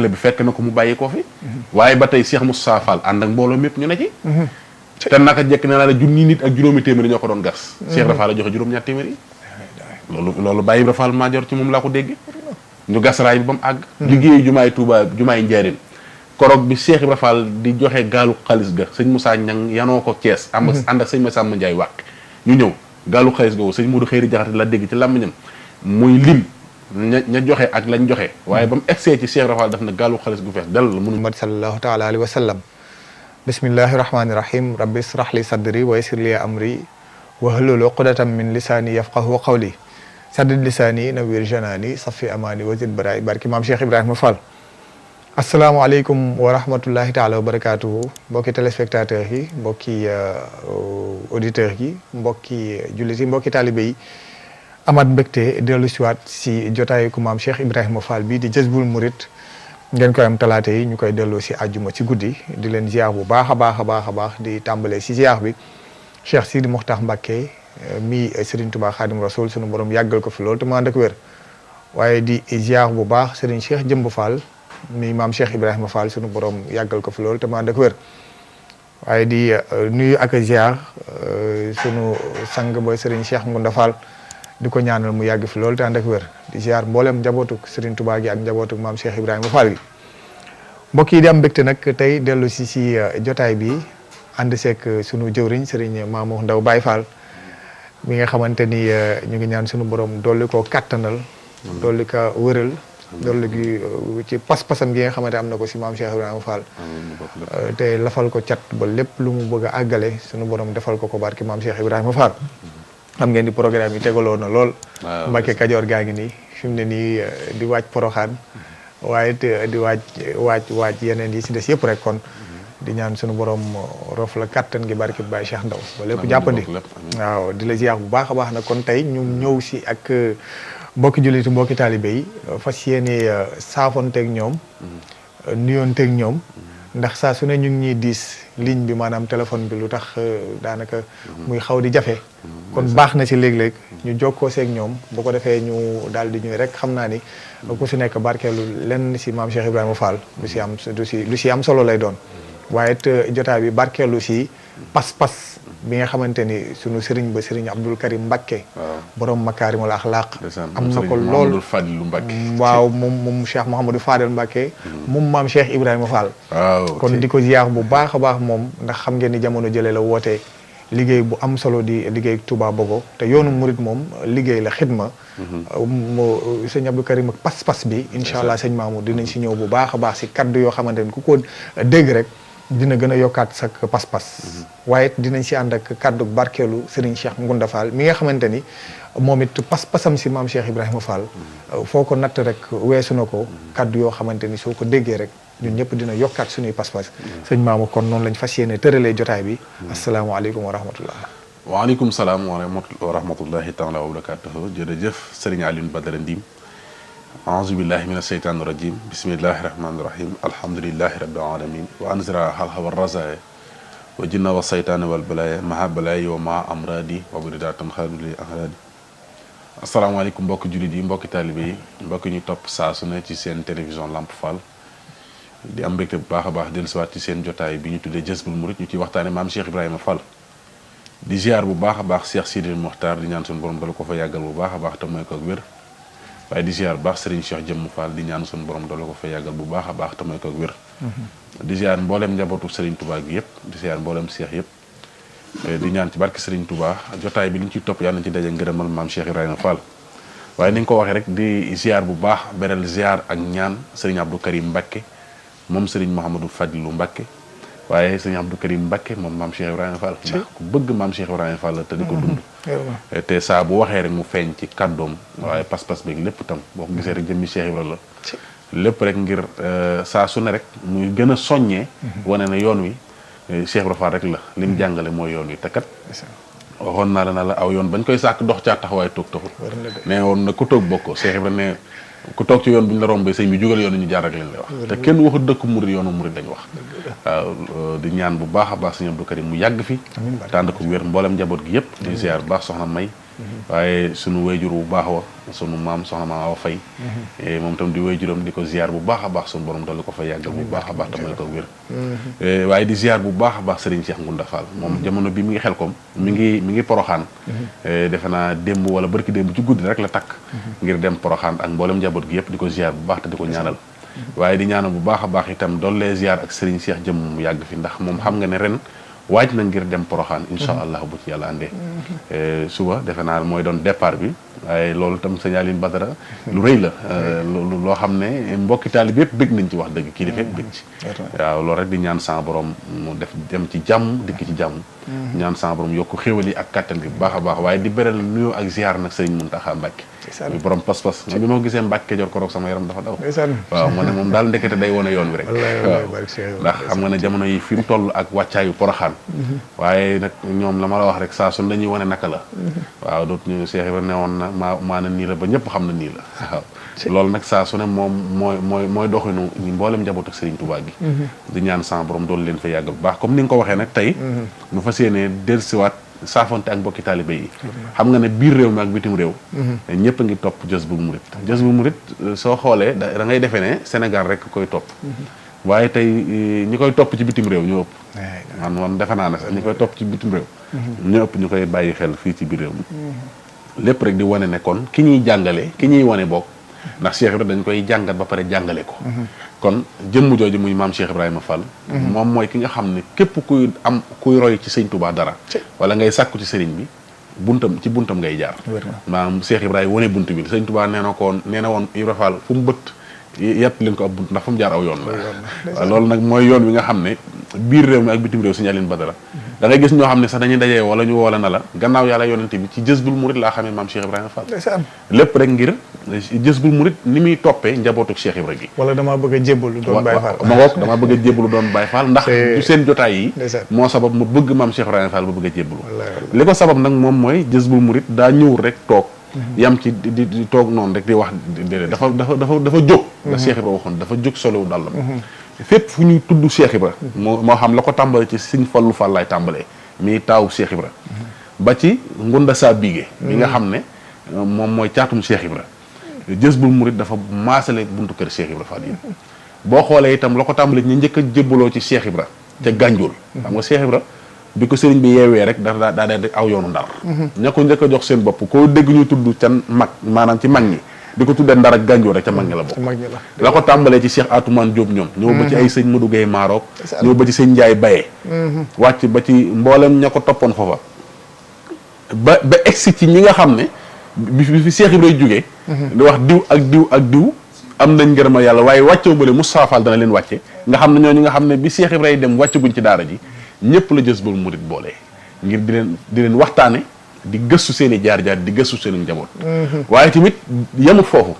la bi fekk na bàyyi koo ba tey Cheikh Moustapha Fall na la junni nit ak juróomi téeméeri ñoo ko doon gas Cheikh Ibra la joxe juróom-ñaar téeméeri loolu major ci moom laa ko dégg ñu gas raay bi ba mu àgg liggéeyu jumaay Touba jumaay Njaaréem korog bi Cheikh Ibra Fall di joxe gaalu xaalis ga sëñ Moussa Ñang yanoo ko Thiès am ànd ak sëñ Massamba Ndiaye wàq ñu ñëw gaalu xaalis googu sëñ Modou Xëyri Jaxate la dégg ci làmmiñam muy lim ña joxe ak lañ joxe waye bam mu ci Cheikh Rafal daf na galu xaalis gu fees dal la mënu mat sallallahu taala alayhi wa sallam bismillahir rahmanir rahim rabbi israh li sadri wa yassir li amri wahlul uqdatam min lisani yafqahu qawli saddid lisani nawir janani safi amani wazid bara'i barki mam Cheikh ibrahim Fall alaykum wa rahmatullahi taala wa barakatuh mbokki telespectateur yi mbokki auditeur yi mbokki jullit yi mbokki talibey yi amaat mbégte dellu si waat si jotaayu ku maam Cheikh Ibrahima Fall bi di Jazboul murit ngeen koy am talaata yi ñu koy delloo si àjjuma ci guddi di leen ziar bu baax a baax a baax a baax di tàmbalee si ziar bi Cheikh Sidi Mokhtar Mbacké eh, mi Serigne Touba Khadim Rasoul sunu borom yàggal ko fi loolu te mu wér waaye di ziar bu baax Serigne Cheikh Jëmb Fall mi maam Cheikh Ibrahima Fall sunu boroom yàggal ko fi loolu te mu ànd waaye di eh, nuy ak ziar eh, sunu sang ba Serigne Cheikh Ngounda Fall. Dukonya ñaanal mu yagg fi loolu tan wër di ziar mbollem jabotuk Serigne Touba gi ak njabootuk mam Cheikh Ibrahima Fall gi mbokk yi di am bekté nak tay delu ci ci uh, jotay bi and uh, sunu jëwriñ Serigne mamou Ndaw Baye Fall mi nga xamanteni uh, ñu ngi ñaan sunu borom dolli ko katanal dolli ka wëreul dolli gi ci pas-pasam gi nga xamanteni amna ko si mam Cheikh Ibrahima Fall. te lafal ko cat ba lepp lu mu bëgg agalé suñu sunu borom defal ko ko barki mam Cheikh Ibrahima Fall. xam ngeen ni programme yi tegaloo na lool. waaw Kajoor gaa ngi nii fi mu ne nii eh, di waaj poroxaan. Mhm. waaye it eh, di waaj waaj waaj yeneen yi si des yëpp rek kon. Mhm. di ñaan suñu borom eh, rof la kattan gi barke Baye Cheikh Ndaw ba lépp jàppandi waaw di la ziar bu baax a baax na kon tey ñu ñëw si ak mbokki jullit mbokki taalibe yi fas yéene saafonteeg ñoom. Mhm. nuyoonteeg ñoom. ndax saa su ne ñu ñuy diis. ligne bi maanaam téléphone bi lu tax euh, daanaka. Mhm. muy xaw di jafe. Mhm. kon baax na ci léeg-léeg. ñu jokkoo seeg ñoom bu ko defee ñu daal di ñuy rek xam naa ni. Mhm. ku si nekk barkeelu lenn si maam Cheikh Ibrahima Fall. lu si am lu si lu si am solo lay doon. waaye it euh, jotaay bi barkeelu si. pas-pas bi nga xamante ni sunu sëriñ ba sëriñ Abdul Karim Mbakke. borom makaarimul axlaaq am na ko lool mm, waaw moom moom Cheikh Mouhamadou Fadel Mbakke. Mm. moom maam Cheikh Ibrahima Fall. kon di ko ziar bu baax a baax moom ndax xam ngeen ni jamono jëlee la wootee. liggéey bu am solo di liggéey tubaab Bogo te yoonu murit moom liggéey la xidma mm-hmm. uh, mu uh, sëñ Abdou Karim ak pas-pas bi incha allah sëñ Maamu dinañ si ñëw bu baax a baax si kaddu yoo xamante ni ku ko dégg rek dina gën a yokkaat sa pas-pas. waaye dinañ si ànd ak kàddu barkeelu Serigne Cheikh Ngounda Fall mi nga xamante ni moom it pas-pasam si maam Cheikh Ibrahima Fall. foo ko natt rek weesu na ko. kàddu yoo xamante ni soo ko déggee rek ñun ñëpp dina yokkaat suñuy pas-pas. sëñ maamu kon noonu lañ fas yéene tëralee jotaay bi. asalaamaaleykum wa rahmatullah. waaleykum salaam wa rahmatullahi taala wa barakaatuhu jërëjëf Serigne Alioune Badara Ndim. أعوذ بالله من الشيطان الرجيم بسم الله الرحمن الرحيم الحمد لله رب العالمين وأنزل حلها والرزا وجنة والشيطان والبلايا مع بلايا ومع أمراضي وبردات خير لأهلي السلام عليكم بوك جريدي بوك طالبي بوك ني توب ساسو ني سي دي ام بيك باخ باخ ديل سوا جوتاي بي ني تودي جيس بول موريت ني مام شيخ ابراهيم فال دي زيار بو باخ باخ شيخ المختار دي نان سون بروم بالكو فا ياغال بو باخ باخ waaye di ziar baax Serigne Cheikh Jëmm Fall di ñaan suñu borom doole ko fa yàggal bu baax a baax tamay ko wér. Mhm. di ziar mboolem njabootu Serigne Touba gi yëpp di ziar mboolem Cheikh yëpp. Eh, di ñaan ci barke Serigne Touba jotaay bi li ñu ciy topp yàlla na ci daje ngërëmal maam Cheikh Ibrahima Fall. waaye ni nga ko waxee rek di ziar bu baax beral ziar ak ñaan Serigne Abdou Karim Mbakke moom Serigne Mouhamadou lu Mbakke. waaye sëñ Abdou Karim Mbakke moom maam Cheikh Ibrahima Fall ndax ku bëgg maam Cheikh Ibrahima Fall te di ko mm-hmm. dund eh, te saa bu waxee rek mu feeñ ci kàddoom waaye pas-pas beeg lépp itam boo ko gisee rek jëmmi Cheikh Ibrahima la lépp rek ngir eh, saa su ne rek muy gën a soññee mm-hmm. wane na yoon wi eh, Cheikh Ibrahima la li mu mm-hmm. jàngale mooy yoon wi te kat waxoon naa la na la aw yoon bañ koy sàkk dox caa taxawaay toog taxul nee na ku toog bokkoo Cheikh ne ku toog ci yoon bu ñu la rombee sëñ bi jugal yoon ñu jaar rek lañ lay wax te kenn waxu dëkku murid yoonu murid lañ wax euh, di ñaan bu baax a baax sëñ Abdou Karim mu yàgg fi tànd ko weer mboolem njaboot gi yëpp di bu baax soxna May waye sunu wayjur bu baax wa sunu mam soxna ma wa fay mom mhm. eh, tam di wayjuram di ko ziar bu baax baax sunu borom dolli ko fa yagg bu baax baax te eh, di ziar bu baax a baax Serigne Cheikh Ngunda Fall mom mhm. jamono bi mi ngi xel kom mi ngi mi ngi mhm. eh, wala barki démb ci guddi rek la tak ngir dem poroxaan ak mbolam jabot gi yep di ziar bu baax te diko ñaanal waye di ñaanal bu baax a baax itam dolle ziar ak Serigne Cheikh jëm yagg fi ndax mom xam nga ne ren waaj na ngir dem poroxaan incha mhm. allah bu ci yàlla àndee. Eh, suba defe naa mooy doon départ bi waaye loolu itam signal yin badara lu rëy la eh, lu loo xam ne mbokki taalib yëpp bëgg nañ ci wax dëgg kii kilifa yëpp bëgg ci waaw loolu rek di ñaan sa boroom mu def dem ci jàmm dikk ci jàmm mhm. ñaan sa borom yokk xéwal yi ak kàttan bi bu baax a baax waaye di beral nuyoo ak ziar nag sëriñ Muntaxa Mbàkke bu borom pas-pas bi ma ko gisee Mbàkke Kajoor Koroog sama yaram dafa daw waaw moom daal ndekete day wone yoon wi rek waaw ndax xam nga ne jamono yi fi mu toll ak wàccaayu poroxaan mhm. waaye nag ñoom la ma la wax rek saa sun dañuy wane naka la mhm. waaw doot ñu Cheikh Ibra ne woon na maa maa na ba ñëpp xam na nii la waaw loolu nag saa su ne moom mooy mooy mooy doxinu ñu mboolem njaboot ak Serigne Touba gi mhm. di ñaan san borom doolu leen fa yàgg bu baax comme ni nga ko waxee nag tey mu fas yéene dellusiwaat saafonte ak mbokki taalibe yi xam nga ne biir réew mi ak bitim réew mhm. eh, ñëpp a ngi topp Jazbul Murid mu Murid eh, soo xoolee da ngay defee ne Sénégal rek koy topp mhm. waaye tey eh, ñi koy topp ci bitim réew ñoo ëpp defe naa ne sax koy topp ci bitim réew mhm. ñoo ñu koy bàyyi xel fii ci biir réew mi lépp rek di wane nekkoon ki ñuy jàngale ki ñuy wane bokk ndax Cheikh dañ koy jàngal ba pare jàngale ko kon jëmm jooju muy maam Cheikh Ibrahima Fall. Mhm. moom mooy ki nga xam ne képp kuy am kuy roy ci sëñ Touba dara. wala ngay sàkku ci sëriñ bi buntam ci buntam ngay jaar. maam Cheikh Ibrahima wane bunt bi sëñ Touba nee na ko nee na woon Ibrahima Fall fu mu bët yàtt leen ko ab bunt ndax fu mu jaar aw yoon la. loolu nag mooy yoon wi nga xam ne biir réew mi ak bitim réew sëñ Aline Badara. Mhm. da ngay gis ñoo xam ne sax dañuy dajee wala ñu woola na la gannaaw yàlla yonente bi ci jësbul murit laa xamee maam Cheikh Ibrahima Fall lépp rek ngir jësbul murit ni muy toppee njabootu Cheikh Ibrahima gi wala damaa bëgg a jébbalu doon Baye Fall ma a jébbalu doon Baye Fall ndax du seen jotaay yi moo sabab mu bëgg maam Cheikh Ibrahima Fall ba bëgg a jébbalu li ko sabab nag moom mooy jësbul murit daa ñëwul rek toog mhm. yam ci di di toog noonu rek di wax dafa dafa dafa dafa jóg da mhm. Cheikh Ibrahima waxoon dafa jóg solowu dàllam mhm. fépp fu ñuy tudd Cheikh Ibra moo moo xam la ko tàmbale ci Sëñ Fallu Fall laay tàmbalee mii taawu Cheikh Ibra ba ci Ngunda saa biige mi nga xam ne moom mooy caatum Cheikh Ibra jës bul murit dafa maasale buntu kër Cheikh Ibra Fall yi boo xoolee itam la ko tàmbale ñu njëkk a jébbaloo ci Cheikh Ibra ca Gànjool xam nga Cheikh Ibra bi ko sëriñ bi yeewee rek daa daa daa aw yoonu ndar mhm. ña ko njëkk jox seen bopp koo dégg ñu tudd ca mag maanaam ci mag ñi diko tudde tuddee ndar ak gànjoo rek ca magni la bok la ko tambale ci Cheikh Atoumane Diop ñom ñëw ba ci ay seigne Modou gay Maroc ba ci seigne Ndiaye Baye mm-hmm. wacc ba ci mbolam ñako topon fofa ba ba ci ñi nga xamne bi fi Cheikh ibrahim djougué mm-hmm. di wax diw ak diw ak diw am nañ ngërëmal yàlla Moustapha dana len nga xam ñoo nga bi Cheikh ibrahim dem buñ ci daara ji ñepp la jës bul murit bolé ngir di len di len di gëstu seen i jaar-jaar di gëstu seen i njaboot. Mhm. waaye tamit yemut foofu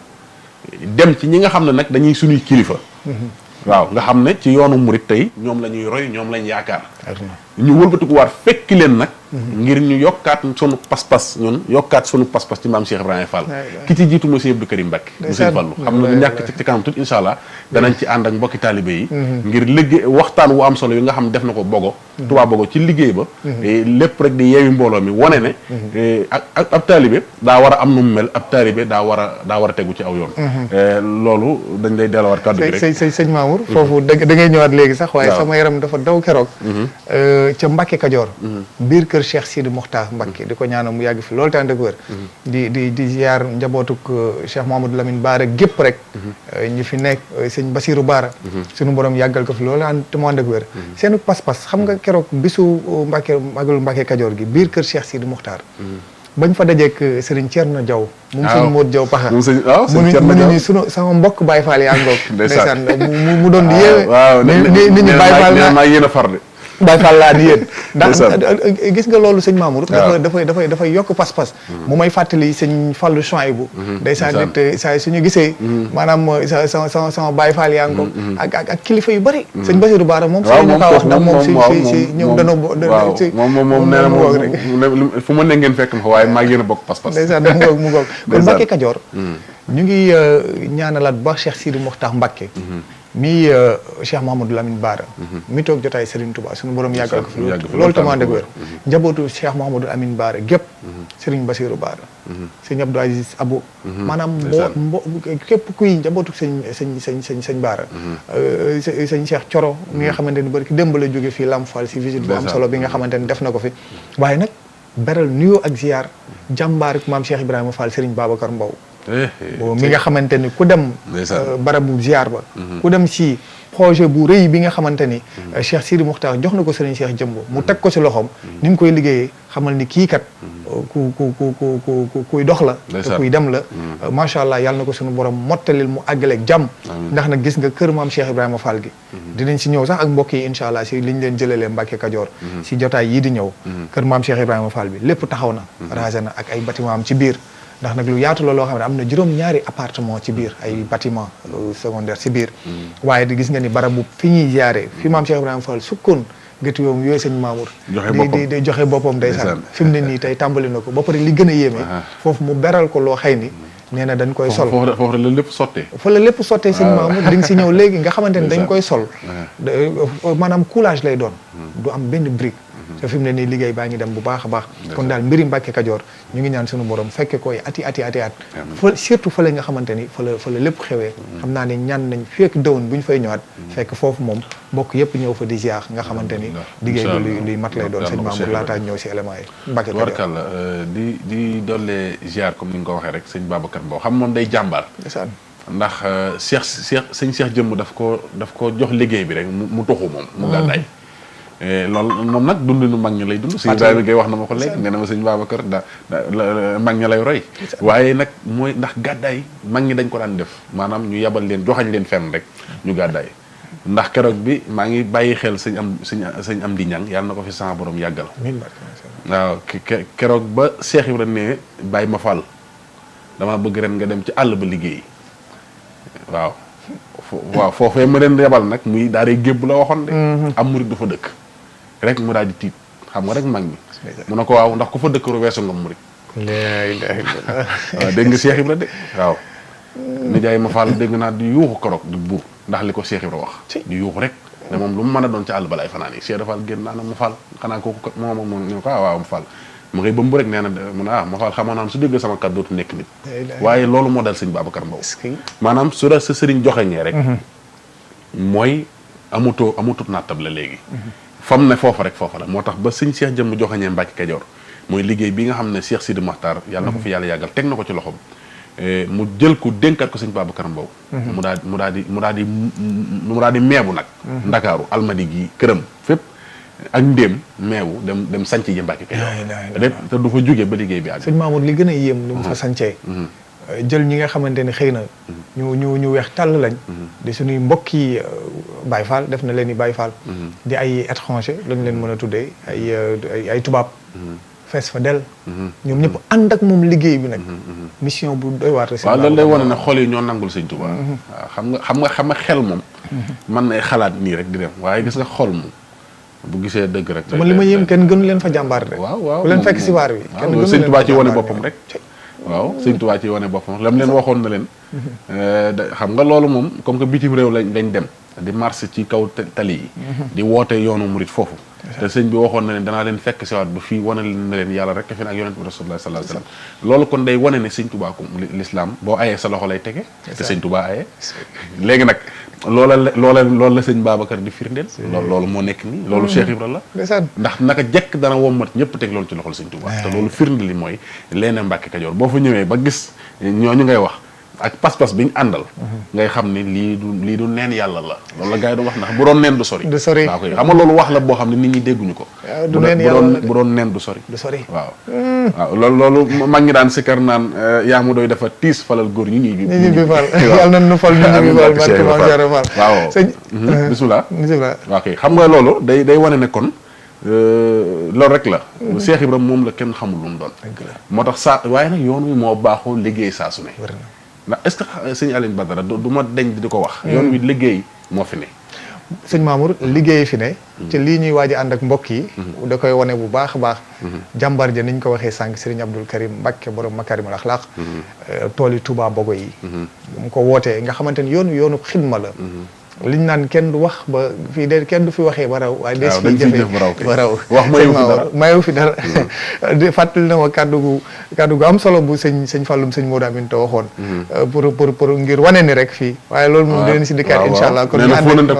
dem ci ñi nga xam ne nag dañuy suñuy kilifa. Mhm. waaw nga xam ne ci yoonu murit tey ñoom la ñuy roy ñoom lañ yaakaar. ñu wëlbatikuwaat fekki leen nag ngir ñu yokkaat sunu pas-pas ñun yokkaat sunu pas-pas ci maam Cheikh Ibrahima Fall ki ci jiitu monsieur Abdou Karim Mbacké monsieur Fallou xam na lu ñàkk ci kanam tuuti incha allah danañ ci ànd ak mbokki taalibe yi mhm. ngir liggéey waxtaan wu am solo yi nga xam def na ko bogo mhm. Touba bogo ci liggéey ba mhm. eh, lépp rek di yeewi mbooloo mi wane ne eh, ak ab taalibe daa war a am nu mu mel ab taalibe daa war a daa war tegu ci aw yoon eh, loolu dañ lay delluwaat kàddu gi rek sëñ Mamour foofu da ngay ñëwaat léegi sax waaye sama yaram dafa daw keroog Eh, ci Mbacke kadior mhm. bir keur Cheikh Sidi Mokhtar Mbacke mhm. di ñaanu mu yagg fi lol tan ak wër. Mhm. di di di ziar njabotuk eh, Cheikh Mouhamadou Lamine Baara gep rek. Eh, ñi fi nek seigne Basirou Baara. suñu borom yagal ko fi lol tan te mu ànd wër. seenu pas-pas xam nga keroog bisu Mbacke magul Mbacke kadior gi bir keur Cheikh Sidi Mokhtar. bagn fa dajeeg Serigne Thierno Diaw. waaw moom sëñ Diaw Paxa. moom serigne Diaw ni sunu sama mbokk Baye Fall yaa ngoog. ndeysaan mu don di yewé ni ni Baye Fall na ma yena Baye Baye Fall laa di yéen ndax gis nga loolu sëñ Mamour dafay dafay dafay yokk pas-pas mm-hmm. mu may fàttali sëñ Fallu Chouaïbou mm-hmm. ndeysaan nit saa suñu gisee mm-hmm. maanaam uh, sa sa sa sama Baye Fall yaa ngi ko ak kilifa yu bëri sëñ ba Baara moom fay ñu kaa wax ndax moom si si si ñëw dana si moom moom moom nee na moom fu ma ne ngeen fekk ma waaye maa ngi bokk pas-pas ndeysaan mu ngoog mu kon Mbacke Kajoor mm. ñu ngi uh, ñaana laat bu baax Cheikh Sidi Mokhtar Mbacke mi euh, Cheikh Mouhamadou Lamine Bara mhm. mi toog jotaay Serigne Touba suñu borom yàggal ko fi loolu tamande wér njabootu Cheikh Mouhamadou Lamine Bara gépp mhm. Serigne Bassirou Bara mhm. Serigne Abdou Aziz Abou maanaam mbo kuy njabootu sëñ sëñ sëñ sëñ sëñ Bara euh, sëñ Cheikh Thioro mi nga xamante ni bari ki jóge fii Lam Fall si visite bu am solo bi nga xamante ni def na ko fi waaye nag beral nuyoo ak ziar jàmbaar maam Cheikh Ibrahima Fall Serigne Babacar Mbow Eh, eh. mi nga xamante ni ku dem euh, bu ziar ba mm-hmm. ku dem si projet bu rëy bi nga xamante ni mm-hmm. euh, Cheikh Sidi Mokhtar jox na ko Serigne Cheikh Jëmbo mu mm-hmm. teg ko si loxoom ni mu koy liggéeyee xamal ni kii kat euh, ku ku kuy dox la te kuy dem la macha allah yàlla na ko sunu borom mottalil mu àggaleeg jàmm ndax nag gis nga kër maam Cheikh Ibrahima Fall gi dinañ si ñëw sax ak mbokk yi incha allah si liñ leen jëlalee Mbàkke Kajoor si jotaay yii di ñëw kër maam Cheikh Ibrahima Fall bi lépp taxaw na rasé na ak ay bâtiment am ci biir ndax nag lu yaatu la loo xam ne am na juróom-ñaari appartement ci biir ay bâtiment secondaire ci biir mm. waaye di gis nga ni bara bu fi ñuy jaare fi maam Cheikh Ibrahima Fall sukkoon gëtu yoom yooyu sëñ Mamour di di joxe boppam ndeysaan fi mu ne nii tey tàmbali na ko ba pare li gën a yéeme foofu mu beral ko loo xay ni nee na dañ koy sol foofu la lépp sottee fa la lépp sottee sëñ ah. Mamour di nga si ñëw léegi nga xamante ne dañ koy sol euh, maanaam coulage lay doon hmm. du am benn brique te fi mu ne nii liggéey baa ngi dem bu baax a baax kon daal mbiri Mbàkke Kajoor ñu ngi ñaan sunu borom fekke koy ati ati ati at fa surtout fa la nga xamante ni fa la lépp xewee mm. xam naa ne ñaan nañ fekk dëwoon bu ñu fay ñëwaat mm. fekk foofu moom mbokk yëpp ñëw fa di ziar nga xamante ni liggéey bi luy mat lay doon sëñ Mamour laataa ñëw si élément yi Mbàkke Kajoor warkal euh, di di dollee ziar comme ni nga ko waxee rek sëñ Babacar Mbow xam moom day jàmbaar ndax euh, Cheikh Cheikh sëñ Cheikh jëmm daf ko daf ko jox liggéey bi rek mu tuxu mu gàddaay Eh, lool moom nag dund nu mag ñi lay dund sëñ Ibrahima Gueye wax na ma ko léegi nee na ma sëñ Babacar mag ñi lay roy waaye nag mooy ndax gàddaay mag ñi dañ ko daan def maanaam ñu yabal leen joxañ leen fenn rek ñu gàddaay ndax keroog bi maa ngi bàyyi xel sëñ am sëñ sëñ am di ñang yàlla na ko fi sa borom yàggal waaw keroog ba Seex Ibra ne bàyyi ma fàll dama bëgg ren nga dem ci àll ba liggéey waaw waaw foofee ma leen yabal nag muy daal di gébb la waxoon de mm-hmm. am murit du fa dëkk rek mu daal di tiit xam nga rek mag ñi mu ne ko waaw ndax ku fa dëkk ru weesu nga murid la ilaha illallah waaw dégg nga cheikh ibra de waaw ni nijaay ma faal dégg naa di yuuxu korok di bu ndax li ko cheikh ibra wax di yuuxu rek ne moom lu mu mën a doon ci àll balaay fanaan yi cheikh dafa génn naa ne mu fall xanaa kooku moom ak moom ñu ko ah, waaw mu fall mu ngay bëmb rek nee na mu ne ah ma faal xamoon naan su déggee sama kaddu dootu nekk nit waaye loolu moo dal sëñ babacar mbaw maanaam su la sa sëriñ joxeñee rek mhm. mooy amutoo amutut naa table léegi mhm. fa mu ne foofa rek foofa la moo tax ba sëñ Cheikh jëmm joxañee Mbàkke Kajoor mooy liggéey bi nga xam ne Cheikh Sidi Mokhtar yàlla na ko fi yàlla yàggal teg na ko ci loxoom eh, mu jël ko dénkaat ko sëñ Babacar Mbow mhm. mu daal mu daal di mu daal di mu daal di meebu nag mhm. ndakaaru almadi gi këram fépp ak ndéem meewu dem dem sanc ji Mbàkke Kajoor te du fa jóge ba liggéey bi àgg sëñ Mamour li gën a yéem li mu fa mhm. sancee jël ñi nga xamante ne xëy na mm-hmm. ñu ñu ñu weex tàll lañ mm-hmm. di suñuy mbokki euh, Baay Faal def na leen i Baay Faal mm-hmm. di ay étranger lañ leen mën a tuddee ay euh, ay tubaab fees fa del ñoom ñëpp ànd ak moom liggéey bi nag mission bu doy waar waaw loolu lay wane ne xol yi ñoo nangul sëñ Tuubaa waaw nga xam nga xam nga xel moom man nay xalaat nii rek di dem waaye gis nga xol moom bu gisee dëgg rek man li ma yéem kenn gënu leen fa jàmbaar rek waaw waaw ku leen fekk si waar bi kenn gënu leen sëñ Tuubaa boppam rek waaw sëñ Tuubaa ci wane boppam lam leen waxoon na leen eh, xam nga loolu moom comme que bitim réew lañ lañ dem di marché ci kaw tali yi di woote yoonu murit foofu te sëñ bi waxoon na leen danaa leen fekk siwaat bu fii wane leen na leen yàlla rek fi ak yonent bi rasulullah sallallahu alayhi wasallam loolu kon day wane ne sëñ tubaa ko l'islam boo ayee sa loxo lay tege te sëñ léegi nag loola loola loolu la sëñ Babacar di firndeel loolu moo nekk nii loolu Cheikh la la ndax naka jekk dana mat ñëpp teg loolu ci loxol sëñ tubaa te loolu firnde li mooy leen Mbàkke Kajoor boo fa ñëwee ba gis ñooñu ngay wax ak pas-pas bi ñu àndal. ngay xam ni lii du lii du neen yàlla la. loolu la gars yi doon wax ndax bu doon neen du sori. du sori waaw xam loolu wax la boo xam ne nit ñi dégguñu ko. Ah, du neen yàlla neen du sori. du sori hmm. waaw. loolu loolu mag ñi daan sikkar naan eh, yaa mu dooy dafa tiis falal góor ñi ñuy. ñi ñuy fal yàlla nañu fal ñu ñuy fal barke maam Jaara Fall waaw sëñ. Hmm, hmm, ok xam nga loolu day day wane ne kon. Eh, loolu rek la. Cheikh Ibrahima moom la kenn xamul lu mu doon. moo tax saa waaye nag yoon wi moo baaxul liggéey saa su ne ndax est-ce que euh, sëñ Alioune Badara du ma deñ di ko wax. yoon wi hmm. liggéey moo fi ne. sëñ Mamour liggéey fi ne. ci hmm. lii ñuy waaj a ànd ak mbokk yi. Hmm. da koy wane bu baax a baax. jàmbar ja ni ko waxee sànq Serigne Abdoul Karim Mbacke borom Makarimul Akhlaq. Euh, tool yi Touba Bogo yi. mu ko wootee nga xamante ni yoonu yoonu xidma la. liñ naan kenn du wax ba fii de kenn du fi waxee ba raw waaye des fi jafe ba raw wax mayewu fi dara hmm. di fàttali na ma kàddu gu kàddu gu am solo bu sëñ sëñ fàllum sëñ Modou Amin te waxoon hmm. euh, pour pour pour ngir wane ni rek fii waaye loolu moom dinañ si dikkaat insha allah kon ñu ànd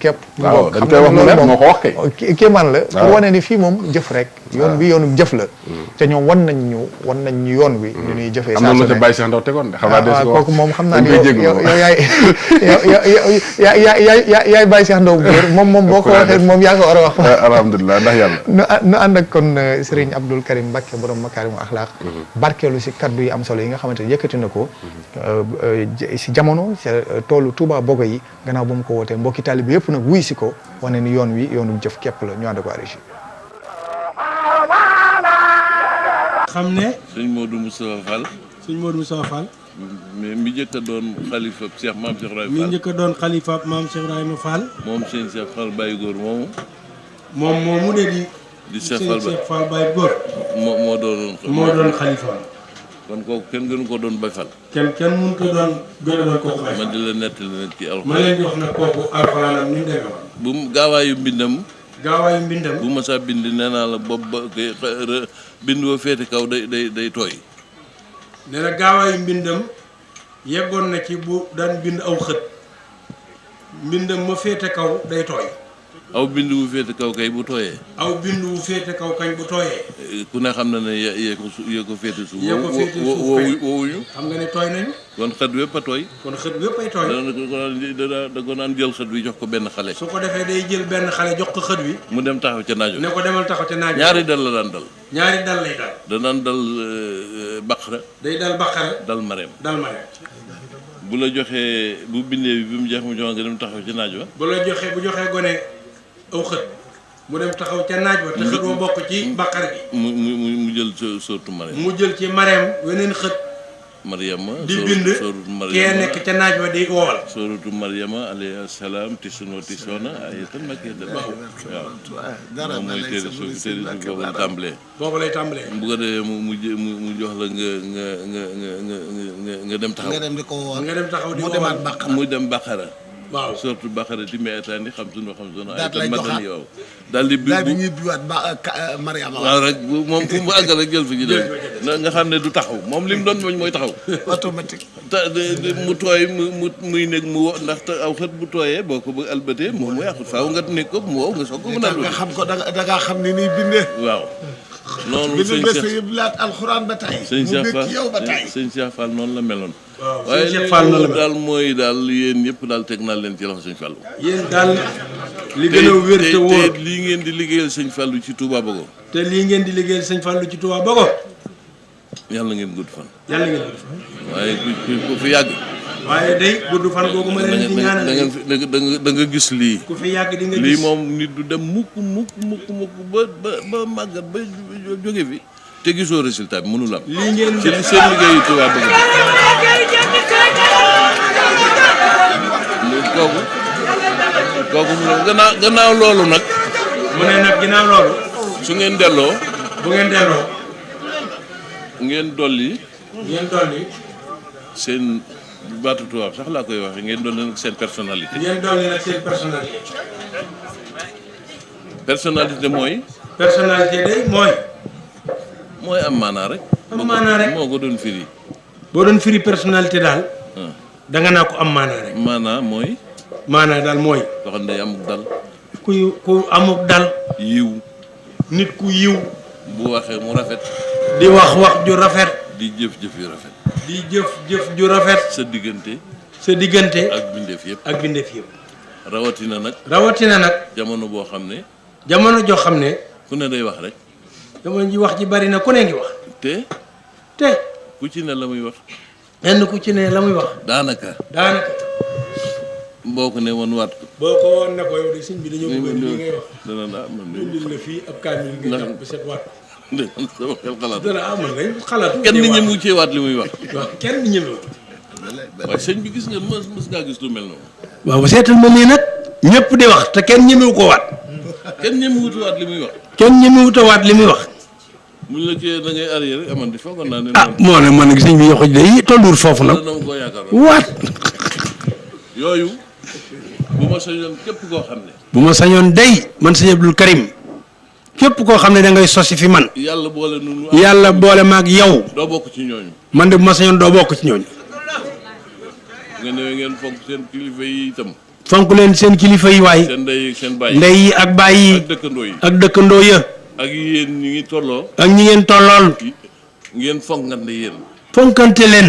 képp dañ koy wax mu leer moo ko wax kay kéemaan la pour wane ni fii moom jëf rek yoon wi yoonu jëf la hmm. te ñoom wan nañ ñu wan nañ ñu yoon wi hmm. ñu ñuy jëfee saa ne am na lu sa bàyyi sax ndaw tegoon de xam naa ah, moom xam naa ne yow yaay yaay yaay yaay bàyyi sax ndaw góor moom moom boo ko waxee moom yaa ko war a wax eh, alhamdulilah ndax yàlla nu nu ànd ak kon eh, Serigne Abdoul Karim Mbacké borom makaarimu axlaaq hmm. barkeelu si kaddu yi am solo yi nga xamante ne yëkkati na ko eh, si jamono si toolu Touba Bogo yi gannaaw ba mu ko wootee mbokki taalibe yëpp nag wuy si ko wane ni yoon wi yoonu jëf kepp la ñu ànd ko arrangé xam ne. sëñ moo du Fall. sëñ Modou Moustapha Fall. mais mi njëkk a doon xalifa Cheikh maam Cheikh Ibrahima Fall. njëkk a doon xalifa maam Cheikh Ibrahima Fall. moom sëñ Cheikh Fall Baye Góor moomu. moom moomu de di. di Cheikh Fall Góor. moo moo doon. moo kon kooku kenn gënu ko doon Baye Fall. kenn kenn mënut a doon gën a doon kooku Baye ma di la nettali nag ci alxuraan. ma leen di wax nag kooku alxuraanam ni mu demee woon. bu gaawaayu mbindam. gaawaayu mbindam bu ma saa bind nee naa la bopp ba bind ba féete kaw day day day tooy. nee gaawaayu mbindam yeggoon na ci bu daan bind aw xët mbindam ma féete kaw day tooy. aw bind wu féete kaw kay bu tooyee. aw bind wu féete kaw kañ bu tooyee. Eh, ku ne xam na ne yee su yee ko féete suuf. yee ko féete suuf xam nga ne tooy nañu. kon xët wépp tooy. kon xët wépp ay tooy. da da ko naan jël xët wi jox ko benn xale. su ko defee day jël benn xale jox ko xët wi. mu dem taxaw ca naajo. ne ko demal taxaw ca naajo. ñaari dal la daan dal. ñaari dal lay da daan dal eh, eh, baqara. day dal baqara. dal mareem dal bu la joxee bu bindee bi mu jeex mu jox nga dem taxaw ci naaj wa bu la joxee bu joxee gone aw xët mu dem taxaw ca naaj ba te xët wa bokk ci baqar gi mu mu mu jël sóortu Mariam mu jël ci Mariam weneen xët Mariama di bind kee nekk ca naaj wa di woowal sóoratu Mariama alayhi salaam tisun wa tisuna ayatan makkiyatan waaw waaw mooy téere suuf téere suuf boobu la lay tàmbalee bu ko defee mu mu mu jox la nga nga nga nga nga dem taxaw nga dem di ko woowal nga dem taxaw di woowal mu demaat bàqara dem bàqara waaw surtout Bakharati mais étaani xam suñu xam suñu. daal lay doxaat yow. daal di bi daal di ñuy biwaat ba euh, euh, Mariama. waaw rek moom fu mu àgg rek jël fi ñu nga xam ne du taxaw moom li mu doon moñ mooy taxaw. automatique. te mu tooy mu mu muy nekk mu wo ndax aw xët bu tooyee boo ko bëgg albatee moom mu yàqu faaw nga nekk ko mu wow nga soog ko mën a. nga xam ko da nga xam ni nii bindee. waaw. noonu sëñ Cheikh bi nu mu yëpp laat alxuraan ba tey. mu nekk yow ba sëñ Cheikh Fall noonu la meloon. waaye léegi daal mooy daal yéen yëpp daal teg naa leen ci loxo sëñ Fallou. yéen daal li lii ngeen di liggéeyal sëñ Fallou ci Touba Bogo. te lii ngeen di liggéeyal sëñ Fallou ci Touba Bogo. yàlla ngeen ngeen gudd fan. waaye ku ku fi yàgg. day gudd fan googu ma leen di ñaanal da ngeen da nga da gis lii. ku fi yàgg di nga lii moom nit du dem mukk mukk mukk ba ba ba màggat ba jóge fi. te gisoo résultat bi am. lii ngeen ci seen liggéeyu Touba Bogo. googu googu mu gannaaw gannaaw loolu nag mu ne nag ginnaaw loolu su ngeen delloo bu ngeen delloo ngeen dolli ngeen dolli seen baatu tubaab sax laa koy waxe ngeen dolli nag seen personnalité ngeen dolli nag seen personnalité personnalité mooy personnalité day mooy mooy am mana rek am mana rek moo ko doon firi boo doon firi personnalité daal ah. da nga naa ko am mana rek mana moy. maanaam daal mooy. loo xam ne day amuk dal. ku ku amuk dal. yiw. nit ku yiw. bu waxee mu rafet. di wax wax ju rafet. di jëf jëf ju rafet. di jëf jëf ju rafet. sa diggante. sa diggante. ak bindeef yëpp ak bindeef yëpp. rawatina nag. rawatina nag. jamono boo xam ne. jamono joo xam ne. ku ne day wax rek. jamono ji wax ji bari na ku ne ngi wax. te. te. ku ci ne la muy wax. benn ku ci ne la muy wax. daanaka. daanaka. boo ko ne woon waat de bi dañoo bëgg li ngay wax. dana la am nañ indil la fii ab kaamil bi nga jàpp set waat ko. xalaat dana am nañ xalaat. kenn ñemewu cee waat li muy wax. waaw kenn ñemewu. waaye sëñ bi gis nga mës mës ngaa gis lu mel noonu. waaw seetal ma nii nag. ñëpp di wax te kenn ñemewu ko waat. kenn ñemewutu waat li muy wax. kenn ñemewuta waat li muy wax. mu la cee da ngay arrière rek amandi foogoon naa ne. ah moo ne man gis nañ bi yoxu day tolluwul foofu nag. waat. yooyu. bu ma sañoon képp koo xam ne. bu ma sañoon day man sëñ Abdul Karim képp koo xam ne da ngay sosi fi man. yàlla boole nu yàlla boole yow. doo bokk ci ñooñu. man de bu ma sañoon doo bokk ci ñooñu. nga ngeen fonk seen kilifa yi itam. seen kilifa yi waay. seen ndey ak seen yi ak baay ak dëkkandoo yi ak dëkkandoo ya. ak yéen ñi ngi tolloo. ak ñi ngeen tollool. ngeen fonkante yéen. fonkante leen.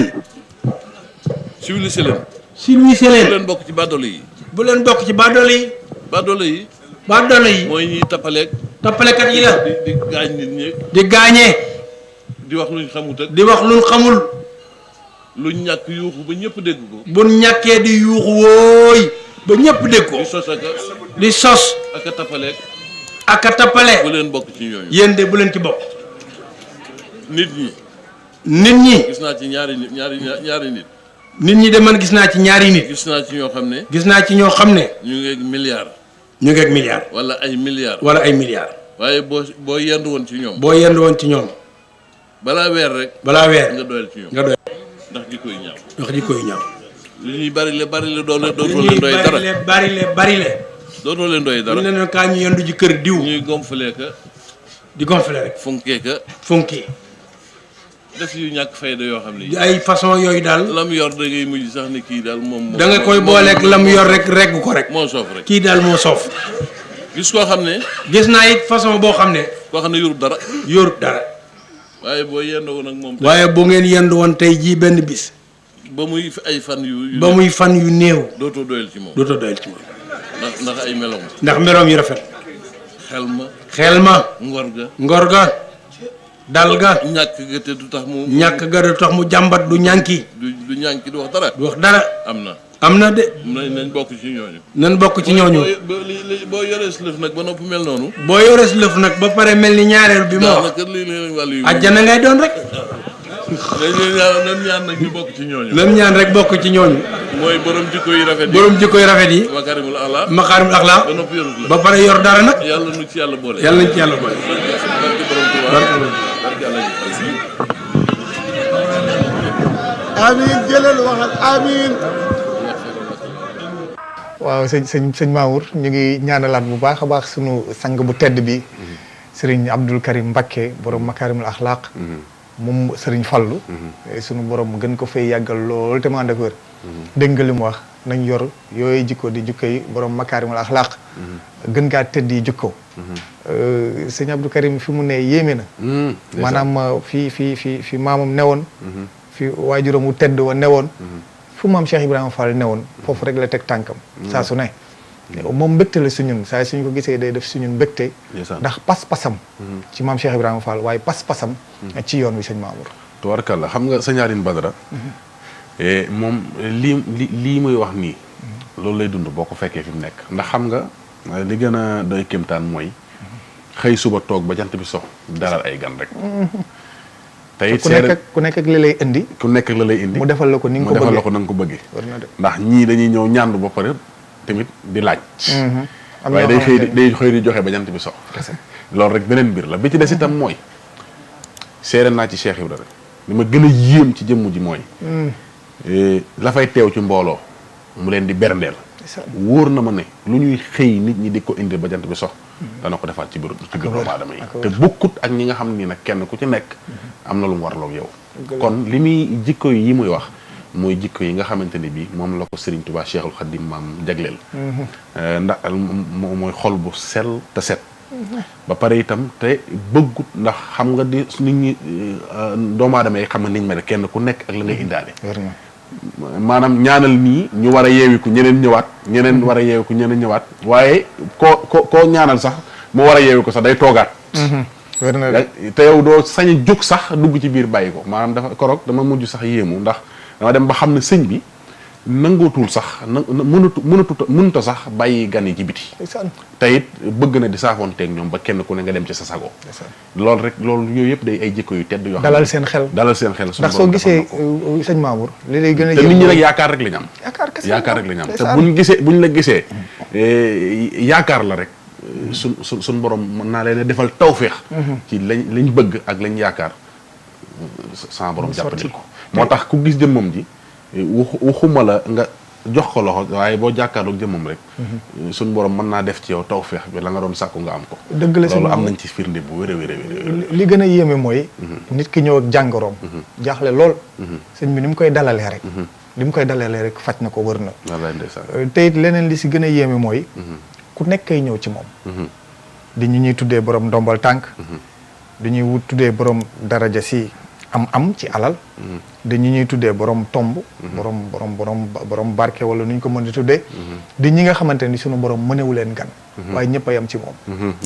civilisé leen. silwise leen bu leen bok ci badoli yi bu leen bokk ci badoli badoli badoli moy mooy ñuy tapaleek kat yi la di gañ nit ñi di gañé di wax luñ xamut ak di wax luñ xamul lu ñak yuuxu ba ñepp dégg ko bu ñaké di yuux woy ba ñepp dégg ko di sos ak di ak tapaleek tapale bu leen bokk ci ñoy yéen de bu leen ci bok nit ñi nit ñi gis na ci ñaari nit ñaari ñaari nit nit ñi de man gis naa ci ñaari nit. gis naa ci ñoo xam ne. gis naa ci ñoo xam ne. ñu ngi ak ñu ngi ak milliards. wala ay milliards. wala ay milliards. waaye boo boo yendu woon ci ñoom. boo yendu woon ci ñoom. balaa weer rek. balaa weer nga doyal ci ñoom nga doyal. ndax di koy ñaaw. ndax di koy ñaaw. li ñuy bari le bari la doole dootoo leen doy dara li ñuy bari le bari le dootoo leen doy dara ñu yendu ji kër diw. ñuy gonflé ka. di gonflé rek. funkee ka. funkee. def yu ñàkk fayda yoo xam ne. ay façon yooyu daal. lam yor da mujj sax ne kii daal moom. da nga koy booleeg lam yor rek regg ko rek. moo soof rek kii daal moo soof. gis koo xam ne. gis naa it façon boo xam ne. koo dara. yorut dara. waaye boo yendoo woon ak moom. waaye boo ngeen yend woon tey jii benn bis. ba muy ay fan yu. ba yu néew. dootoo doyal ci moom dootoo ndax ay meloom. ndax meloom yu rafet. xel ma. xel ma. ngor ngor ga. dal ga ñàkk ga du tax mu. ñàkk ga tax mu jàmbat du ñànki. du du ñànki du wax dara. du wax dara. am na am na de. nañ bokk ci ñooñu. nañ bokk ci ñooñu. boo yoree si lëf nag ba noppi mel noonu. boo yoree si lëf nag pare mel ni ñaareel bi ma wax. ajjana ngay doon rek. lan ñaan nag ñu bokk ci ñooñu. lan ñaan rek bokk ci ñooñu. mooy borom jikko yi rafet yi borom jikko yi rafet yi. makaarimul axlaaq makaarimul axlaaq ba pare yor dara nag. yàlla ci yàlla boole. yàlla nu ci amiin jëlal waxal amiin waaw sëñ sëñ sëñ Mamour ñu ngi ñaanalaat bu baax a baax sunu sang bu tedd bi sëriñ Abdul Karim Mbakke borom makaarimul axlaaq moom sëriñ Fallu eh, sunu borom gën ko fay yàggal lool te man ak wér dégg nga li wax nañ yor yooyu jikko di jukko yi borom makaarimul axlaaq gën gaa tedd yi jukko eh, sëñ Abdul Karim fi mu ne yéeme na hmm, maanaam fi fi fi fi maamam newoon fi waajuram wu tedd wa newoon mhm. fu maam Cheikh Ibrahima Fall newoon mhm. foofu rek la teg tànkam mhm. saa su ne moom mbégte la suñun saa suñu ko gisee day def suñun mbégte ndax pas-pasam ci maam Cheikh Ibrahima Fall waaye pas-pasam ci yoon wi sëñ Mamour tubarkalla xam nga sëñ Alioune Badara eh, moom lii li lii muy wax nii loolu lay dund boo ko fekkee fi mu nekk ndax xam nga li gën a doy kéemtaan mooy xëy suba toog ba jant bi sox dalal ay gan rek tey it seen ku nekk ak li lay indi. ku nekk ak li lay indi mu defal la ko ni nga ko bëggee ko na nga ko ndax ñii dañuy ñëw ñaandu ba pare tamit di laaj. Mm-hmm. am waaye day xëy di di joxe ba jant bi sox. loolu rek beneen biir la bi ci des itam mooy. seere naa ci Cheikh Ibrahima li ma gën a yéem ci jëmm ji mooy. Mm. Eh, la fay teew ci mbooloo mu leen di berndeel. wóor na ma ne lu ñuy xëy nit ñi di ko indi ba jant bi sox. dana ko defaat ci biir ci biir doomu aadama yi te bokkut ak ñi nga xam ni nag kenn ku ci nekk am na lu mu warloog yow kon li muy jikko yi muy wax mooy jikko yi nga xamante ni bi moom la ko Serigne Touba Cheikhul Khadim maam jagleel mhm. eh, ndax mooy xol bu sel te set mhm. ba pare itam te bëggut ndax xam nga di nit ñi eh, doomu aadama yi xam nga niñ mel kenn ku nekk ak la ngay mhm. indaale maanaam ñaanal nii ñu war a yeewiku ñeneen ñëwaat ñeneen war a yeewiku ñeneen ñëwaat waaye ko ko koo ñaanal sax mu war a yeewiku sax day toogaat mm-hmm. te yow doo sañ a jóg sax dugg ci biir bàyyi ko maanaam dafa korog dama mujj sax yéemu ndax dama dem ba xam ne siñ bi nangootul sax na mënatu mënatu mënuta sax bàyyi gan yi ci biti te it bëgg na di saafoonteeg ñoom ba kenn ku ne nga dem ci sa sago loolu rek loolu yooyu yëpp day ay jikko yu tedd yoo dalal seen xel dalal seen xel ndax soo gisee euh, sëñ Mamour li lay gën a te nit ñi rek yaakaar rek la ñu am yaakaar rek la ñu am te buñ gisee buñ la gisee eh, yaakaar la rek suñ euh, su suñ borom mën naa leen defal tawféex mm-hmm. ci lañ lañ bëgg ak lañ yaakaar euh, sans borom jàppandi ko moo tax ku gis moom ji waxuma la nga jox ko loxo waaye boo jàkkaarloog jëmmam rek. Mhm. suñu borom mën naa def ci yow tawféex bi la nga doon sàkku nga am ko. dëgg la loolu am nañ ci firnde bu wér a li gën a yéeme mooy. Mhm. nit ki ñëw ak jàngoroom. Mhm. lool. sëñ bi ni mu koy dalalee rek. li mu koy dalalee rek faj na ko wër na. Euh, te it leneen li si gën a yéeme mooy. ku nekk ay ñëw ci moom. di ñu ñuy tuddee borom ndombal tànk. di ñuy wut tuddee borom daraja si. am-am ci alal. Mm-hmm. de ñi ñuy tuddé borom tombu, mm-hmm. borom borom borom borom barke wala ñu ko mën tuddé tuddee. Mm-hmm. di ñi nga xamanteni suñu borom borom wu leen gan. waye ñepp a yam ci mom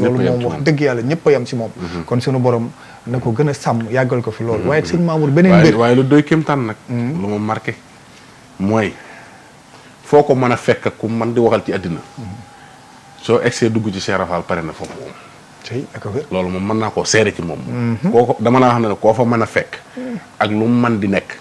lolu moom wax deug yalla ñepp ci mom kon suñu borom nako gëna sam yagal ko fi lool waye sëñ Mamour benen mbir waye lu doy tan nak lu ma marqué moy foko mëna fekk ku man di waxal ci adina so excès duggu ci Cheikh Rafal paré na fofu tey loolu moom mën naa koo seere ci moom. Mhm. koo dama laa xam ne koo fa mën a fekk. ak lu mu man di nekk.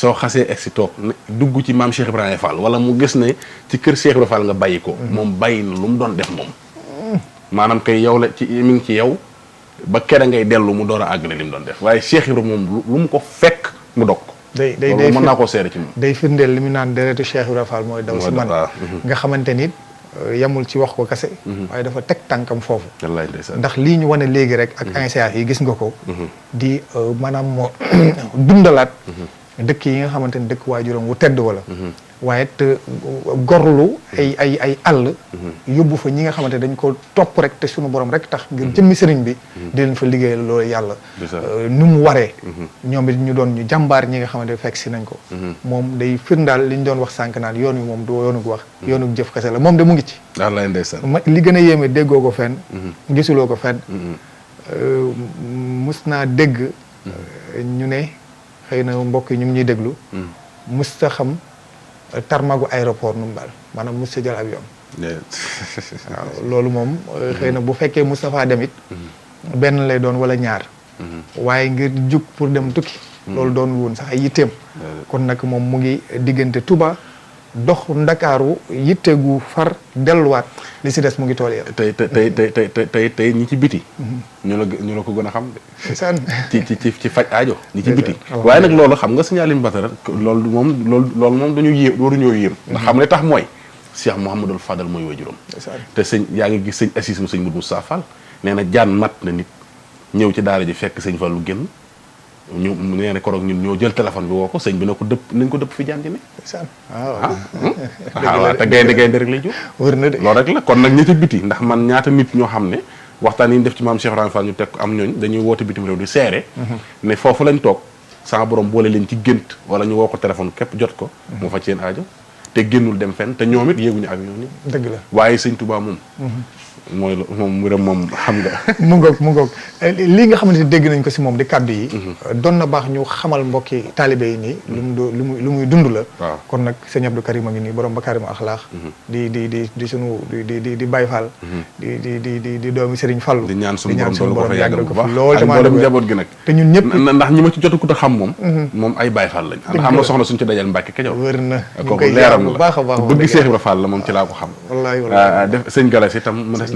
soo xasee egg si toog dugg ci maam Cheikh Ibrahima Fall wala mu gis ne ci kër Cheikh Ibrahima nga bàyyi ko. Mhm. moom bàyyi na lu mu doon def moom. Mhm. maanaam kay yow la ci mi ngi ci yow ba kere ngay dellu mu door a àggale li mu doon def waaye Cheikh Ibrahima moom lu mu ko fekk mu dog ko. day day day mën naa koo seere ci moom. day firndeel li mu naan deretu Cheikh Ibrahima Fall mooy daw si man nga xamante ni. yemul ci wax ko kase mhm. waaye dafa teg tànkam foofu ndax lii ñu wane léegi rek ak ICA mhm. yi gis nga ko mhm. di euh, maanaam dundalaat dëkk yi nga xamante ni dëkk waajuram wu tedd wala waaye te gorlu ay ay ay àll mhm. yóbbu fa ñi nga xamante dañ ko topp rek te suñu borom rek tax ngir jëmmi sëriñ bi mhm. di fa liggéeyal loolu yàlla euh, nu mu waree mhm. ñoom it ñu doon ñu jàmbaar ñi nga xamante fekk si nañ ko moom day firndaal li ñu doon wax sànq naan yoon wi moom du yoonug wax yoonug jëf kese la moom de mu ngi ci wallaay ndeysaan li gën a yeme déggoo ko fen gisuloo ko fenn euh, mus naa dégg euh, ñu ne xëy na mbokk yi ñu ngi ñuy déglu mus ta xam tarmagu aéroport nu mu mel maanaam mos a jël avion. loolu moom euh, xëy na bu fekkee Moustapha dem mm-hmm. benn lay doon wala ñaar. Mm-hmm. waaye ngir jug pour dem tukki. loolu mm-hmm. doon woon sax a yitteem. kon nag moom mu ngi diggante tuba dox ndakaaru gu far delluwaat li si des mu ngi tool yi. tey tey tey tey tey tey ñi ci biti. Mhm. ñu la ñu la ko gën a xam de. sàn ci ci ci faj aajo. ñi ci biti waaye nag loolu xam nga signalim Batara loolu moom loolu loolu moom dañu yéem waruñoo yéem. ndax mhm. xam ne tax mooy. Cheikh Mouhamadul Fadal mooy waajuram. te sëñ yaa ngi gis sëñ assis mu sëñ Moustapha Fall nee na jaan mat na nit ñëw ci daara ji fekk sëñ lu génn. ñu nee na koroog ñun ñoo jël téléphone bi woo ko sëñ bi na ko dëpp nañ ko dëpp fi jàndi ne ndeysaan ah, ah, waaw hmm? ah, rek lay jur wër na de loolu rek la kon nag ñi ci biti ndax man ñaata nit ñoo xam ne waxtaan yi ñu def ci maam Cheikh Ibrahima ñu teg ko am ñooñ dañuy woote bitim réew di seere mhm. ne foofu lañ toog sama borom boole leen ci gént wala ñu woo ko téléphone képp jot ko moo mhm. fa seen aajo te génnul dem fenn te ñoom it yéeguñu avion ni dëgg la waaye sëñ Touba moom mhm. mooy moom mu mbiram moom xam nga. mu ngoog lii nga xam xamante ni dégg nañ ko si moom di kàddu yi. Mhm. doon na baax ñu xamal mbokki taalibe yi nii. lu mu lu muy lu muy dund la. kon nag sëñ Abdou Karim a ngi nii borom ba Karim Akhlaq. Mhm. di di di di sunu di di di di mhm. di di di di doomi Serigne Fallou. ñaan sunu borom yàggal ko fa loolu tamit mboolem njaboot gi nag. te ñun ñëpp ndax ñi ma ci jotu moom. moom ay Baye Fall lañ. dëgg la am na soxna suñu ci dajal Mbàkke Kajoor. wër na ñu koy leeram la bëgg Seex Ibra Fall la moom ci laa ko xam. wallaay wallaay ah, def sëñ Galas itam mu des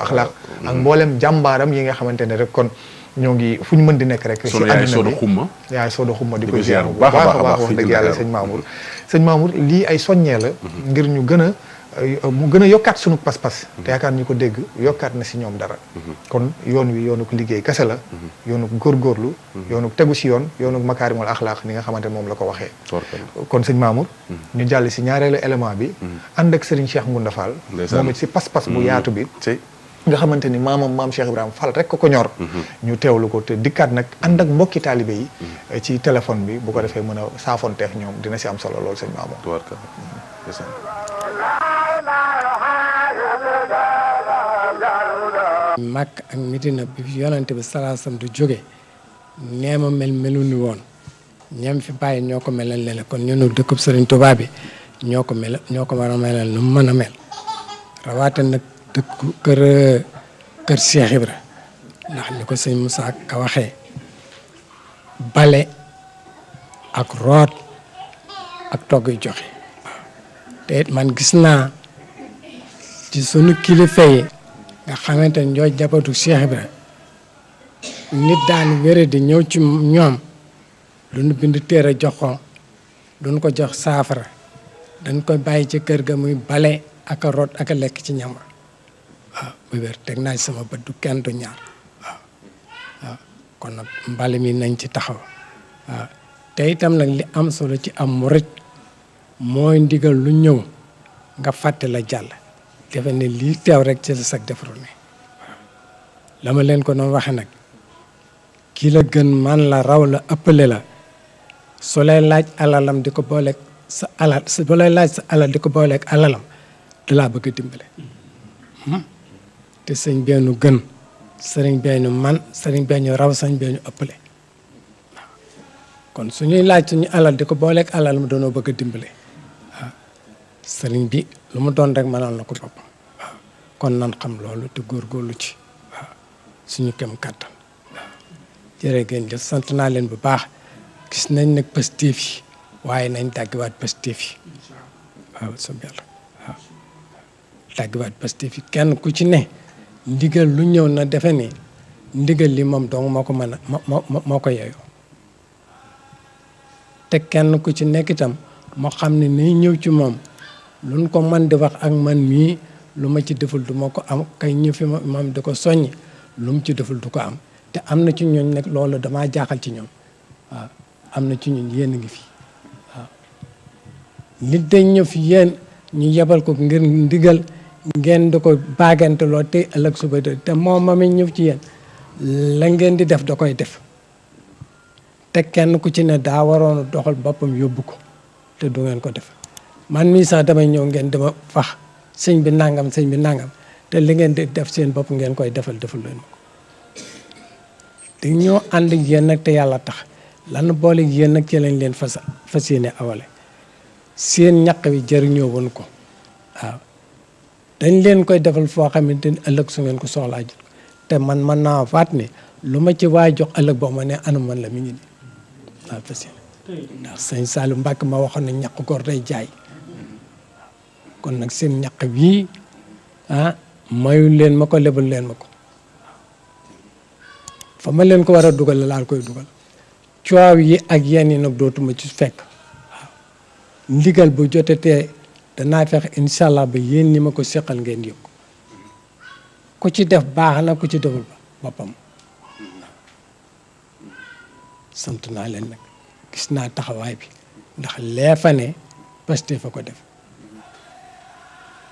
axlaaq ak mboolem jàmbaaram yi nga xamante rek kon ñoo ngi fu ñu mën di nekk rek. si àdduna bi xumma yaay sooda xumma di ko ziar bu baax a la ngir ñu gën a euh, mu gën a yokkaat sunu pas-pas te yaakaar ñu ko dégg yokkaat na si ñoom dara kon yoon wi yoonu ko liggéey kese la yoonu góorgóorlu yoonu tegu si yoon yoonu makaarimul axlaaq ni nga xamante moom la ko waxee kon sëñ Mamour ñu jàll si ñaareelu mm. ak Serigne Cheikh Ngounda Fall moom it si pas-pas bu mm. yaatu bi nga xamante ni maamam maam Cheikh Ibrahima Fall rek ko ko mm-hmm. ñu teewlu ko te dikkaat nag ànd ak mbokki taalibe yi. Mm-hmm. ci téléphone bi bu ko defee mën a saafonteex ñoom dina si am solo lool sëñ Maama. màkk ak Medina bi yonante bi salaasam du jóge nee mel melunu woon ñam fi bàyyi ñoo ko melal lele kon ñunu dëkkub Sëriñ Tuubaa bi ñoo ko mel ñoo ko war a melal nu mën a mel rawaate dëkku kër kër Cheikh ndax ni ko sëñ Moussa Ka waxee bale ak root ak togg joxe te man gis naa ci sunu kilifa yi nga xamante ne ñooy jabatu Cheikh Ibra nit daan wére di ñëw ci ñoom lu nu bind téere jox ko ko jox saafara dañ ko bàyyi ci kër ga muy bale ak root ak lekk ci ñam bu wer tek naa sama bët du kenn du ñaar ah, ah, waaw kon nag mbale mi nañ ci taxaw ah, te itam nag li am solo ci am mu rëcc mooy ndigal lu ñëw nga fàtte la jàll defe ne lii teew rek ci sag defaru ne la ma leen ko noonu waxe nag ki la gën man la raw la ëppale la su lay laaj alalam di ko booleeg sa alal su lay laaj sa alal di ko booleeg alalam da laa bëgg a -hmm. te sëñ bee nu gën sëriñ bee nu man sëriñ bee ñu raw sañ bee ñu ëppale waaw kon suñuy laaj ñu alal di ko booleek alal mu doonoo bëgg a dimbale waaw ah, sëriñ bi lu mu doon rek mënal na ko boppam ah, kon nan xam loolu te góorgóorlu ci waaw ah, suñu kem kàttan waaw jërë ngeen jëf sant naa leen bu baax gis nañ nag positif waaye nañ dàggiwaat positif yi kenn ku ci ne ndigal lu ñëw na defe ni ndigal li moom dong moo ko mën a moo ko yeyoo te kenn ku ci nekk itam moo xam ne ni ñëw ci moom luñ ko man di wax ak man mii lu ma ci deful du ma ko am kay ñëw fi moom di ko soññ lu ci deful du ko am te am na ci ñooñ nag loolu damaa jaaxal ci ñoom am na ci ñun yéen a ngi fi waaw nit ñëw fi yéen ñu yebal ko ngir ndigal ngeen di ko baaganteloo te ëllëg suba de te moom ma mi ñëw ci yéen la ngeen di def da koy def te kenn ku ci ne daa waroon doxal boppam yóbbu ko te du ngeen ko def man mii sax damay ñëw ngeen dama wax sëñ bi nangam sëñ bi nangam te li ngeen di def seen bopp ngeen koy defal deful leen ko te ñoo ànd ak yéen nag te yàlla tax lan boole yéen nag ci lañ leen fas fas yéene awale seen ñaq wi jëriñoo woon ko waaw dañ leen koy defal foo xamante ni ëllëg su ngeen ko soxlaa jël te man mën naa faat ni lu ma ci waay jox ëllëg boo ma ne ana man la mi ngi nii waaw fas yéene ndax sëñ Saliou ma waxoon ne ñaq góor day jaay kon nag seen ñaq bii ah mayul leen ma ko lebal leen ma ko fa ma leen ko war a dugal laal koy dugal coow yi ak yenn yi nag dootuma ci fekk ndigal bu te danaa fexe incha allah ba yéen ñi ma ko seqal ngeen yëg ku ci def baax na ku ci deful boppam sant naa leen nag gis naa taxawaay bi ndax lee fa ne Pastef fa ko def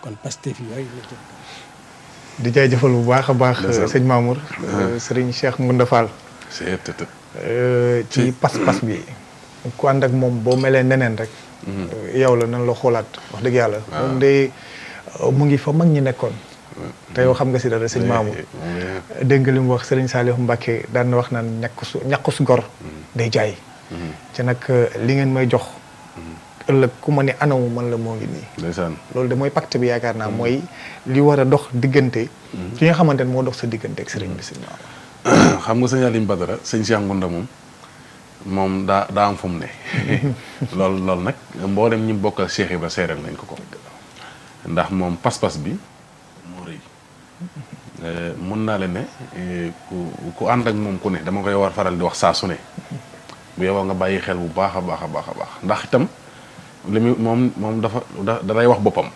kon Pastef yooyu la jëm jaajëfal bu baax a baax sëñ Mamour ah. euh, sëriñ Cheikh Ngounda Fall euh, ci pas-pas bi ku ànd ak moom boo melee neneen rek yow la ah. uh, mm. iya, iya, iya. nan la xolat wax deug yalla mom de mu ngi fa mag ñi nekkon tay yow xam nga ci dara seigne mamou deug lim wax seigne salih Mbacke dan na wax naan ñakkus su gor day jaay ci nak li ngeen may jox ëlëk ku ma ne anamu man la mo ngi ni ndaysan loolu de moy pacte bi yaakar na moy li wara dox diggante ki mm. nga xamantene mo dox sa diggante ak seigne bi sëñ maamu xam nga seigne ali mbadara seigne Cheikh Ngounda mom moom daa daa am fu mu ne loolu loolu nag mboolem ñi bokkal Cheikh Ibra seeral lañ ko ko ndax moom pas-pas bi moo rëy euh, mun naa leen ne euh, ku ku ànd ak moom ku ne dama koy war faral di wax saa su ne bu yow nga bàyyi xel bu baax a baax a baax a baax ndax itam li mu moom moom dafa da wax boppam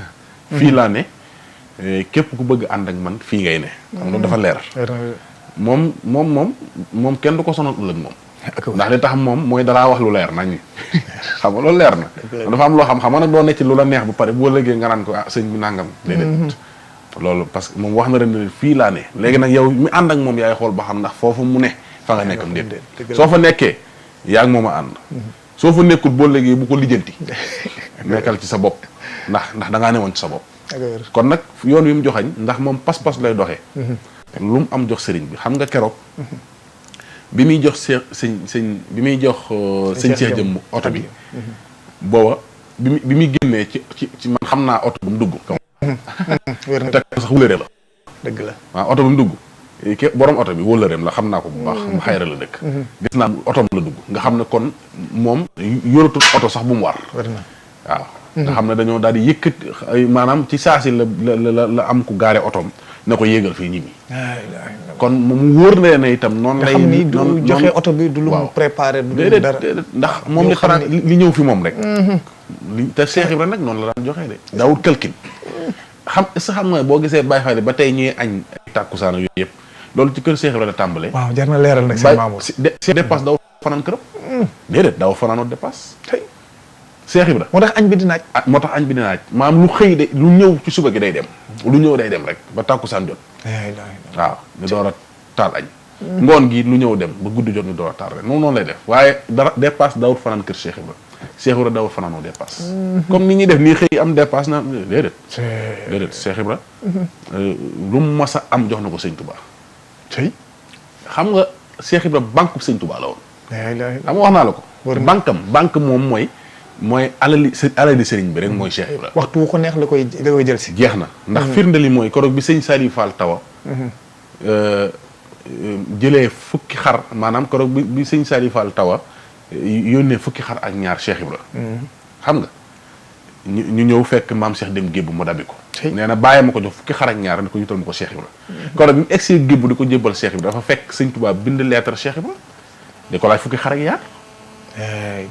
fii laa ne euh, képp ku bëgg ànd ak man fii ngay ne xam loolu dafa leer moom moom moom kenn du ko sonal ëllëg moom ndax li tax moom mooy dalaa wax lu leer nañ xam nga loolu leer na dafa am loo xam xam nga nag doo nekk lu la neex ba pare boo lëggee nga naan ko ah nangam mhm. déedéet parce que moom wax na ren fii laa ne léegi nag yow mi ànd ak moom yaay xool ba xam ndax foofu mu ne fa nga nekkam déet soo fa nekkee yaa ngi moom a mhm. soo fa nekkul boo léegi bu ko lijjanti nekkal ci sa bopp ndax ndax da ngaa newoon ci sa bopp kon nag yoon wi mu joxañ ndax moom pas-pas lay doxee mhm. lu mu am jox sëriñ bi xam nga keroog bi muy jox seex sëñ sëñ bi muy jox euh, sëñ seex jëmm oto bi mhm. booba bi mu bi muy génnee ci ci ci man xam naa oto bu mu dugg kam mhm. te sax wulëre la dëgg la waaw oto bu mu dugg eh, borom oto bi wóllëreem la xam naa ko bu baax mhm. mu xayra la dëkk gis naa oto la dugg nga xam ne kon moom yoratul oto sax bu mu war waaw nga xam ne dañoo daal di yëkkat maanaam ci saasi la la am ku gaare otoom na ko yéegal fii ñibbi. kon mu wóor na ne itam noonu. lay ni du joxe oto bi du lu mu bu du lu mu dara ndax moom li xanaa li ñëw moom rek. Mhm. li te Cheikh noonu la daan joxe de. daawul calcul. xam sa xam nga boo gisee Baye Fall ba tey ñuy añ ay tàkkusaan yooyu yëpp loolu ci kër Cheikh Ibrahima la tàmbalee. waaw jar na leeral nag seen maamu. si dépense daw fanaan këram. Mm. déedéet daw fanaanoo dépense. cheikh ibra motax agn bi di naaj ah, motax agn bi di naaj maam lu xey de lu ñew ci suba gi day dem lu ñew day dem rek ba takusan jot waaw ni doora tal agn ngon gi lu ñew dem ba guddu jot ni doora tal rek non non lay def waye dépasse daoud fanan keur cheikh ibra cheikh ibra dawut fanano dépasse mhm. comme ni ñi def ni xey am dépasse na eh, dedet dedet cheikh ibra mhm. euh, lu massa am jox nako seigne touba tay xam nga cheikh ibra banku seigne touba la won la ilaha illallah am wax na la ko bankam bank mom moy mooy alali së bi rek mooy Cheikh Ibrahima. waxtu wu ko neex la koy la jël si. jeex na ndax mm-hmm. firnde li mooy koroog bi sëñ Saliou Fall tawa. Mm-hmm. Euh, jëlee fukki xar maanaam koroog bi bi sëñ Saliou Fall tawa yónnee fukki xar ak ñaar Cheikh Ibrahima. Mm-hmm. xam nga ñu ñu ñëw fekk maam Cheikh dem gébb mu dabi ko. nee na bàyyi ma ko jox fukki xar ak ñaar ni ko yutal ma ko Cheikh Ibrahima. koroog bi mu egg gébb di ko jébbal Cheikh Ibrahima dafa fekk sëñ Tuubaa bind lettre Cheikh Ibrahima di ko laaj fukki xar ak ñaar.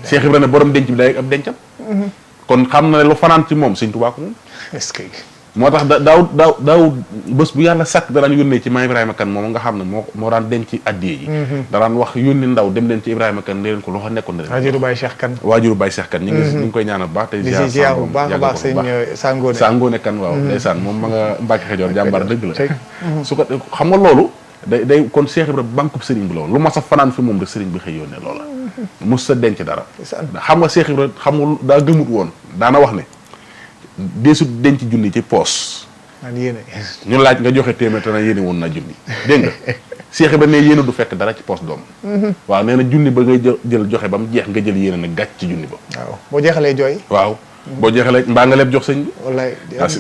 Cheikh Ibrahima borom denc bi day ab dencam. Mhm. kon xam na ne lu fanaan ci moom sëñ Tuubaa ko moom. que. moo tax da daaw daaw daaw bés bu yàlla sàkk daraan yónnee ci maa a kan moom nga xam ne moo moo daan denc addiyee yi mhm. daraan wax yónni ndaw dem leen ci Ibrahima kan ne leen ko loo xa nekkoon na leen ko Baye Cheikh kan waajuru Baye Cheikh kan ñu ngi mhm. ñu ngi koy ñaanal bu baax te ziar bu baax a moom ma nga Mbàkke Xajoor jàmbaar dëgg la su ko xam nga loolu day day kon Cheikh Ibrahima bànkub sëriñ bi la woon lu ma a fanaan fi moom rek sëriñ bi xëy yónnee loola mos sa denc dara xam nga Cheikh Ibrahima xam nga daa gëmut woon daana wax ne deesut denc junni ci poos ñu laaj nga joxe téeméer te na yéene woon naa junni dégg nga Cheikh Ibrahima ne yéene du fekk dara ci poos doom mhm. waaw nee na junni ba ngay jël joxe ba mu jeex nga jël yéene nag gàcc ci junni ba waaw boo waaw boo jeexalee mbaa nga leb jox sëñ bi. wallaay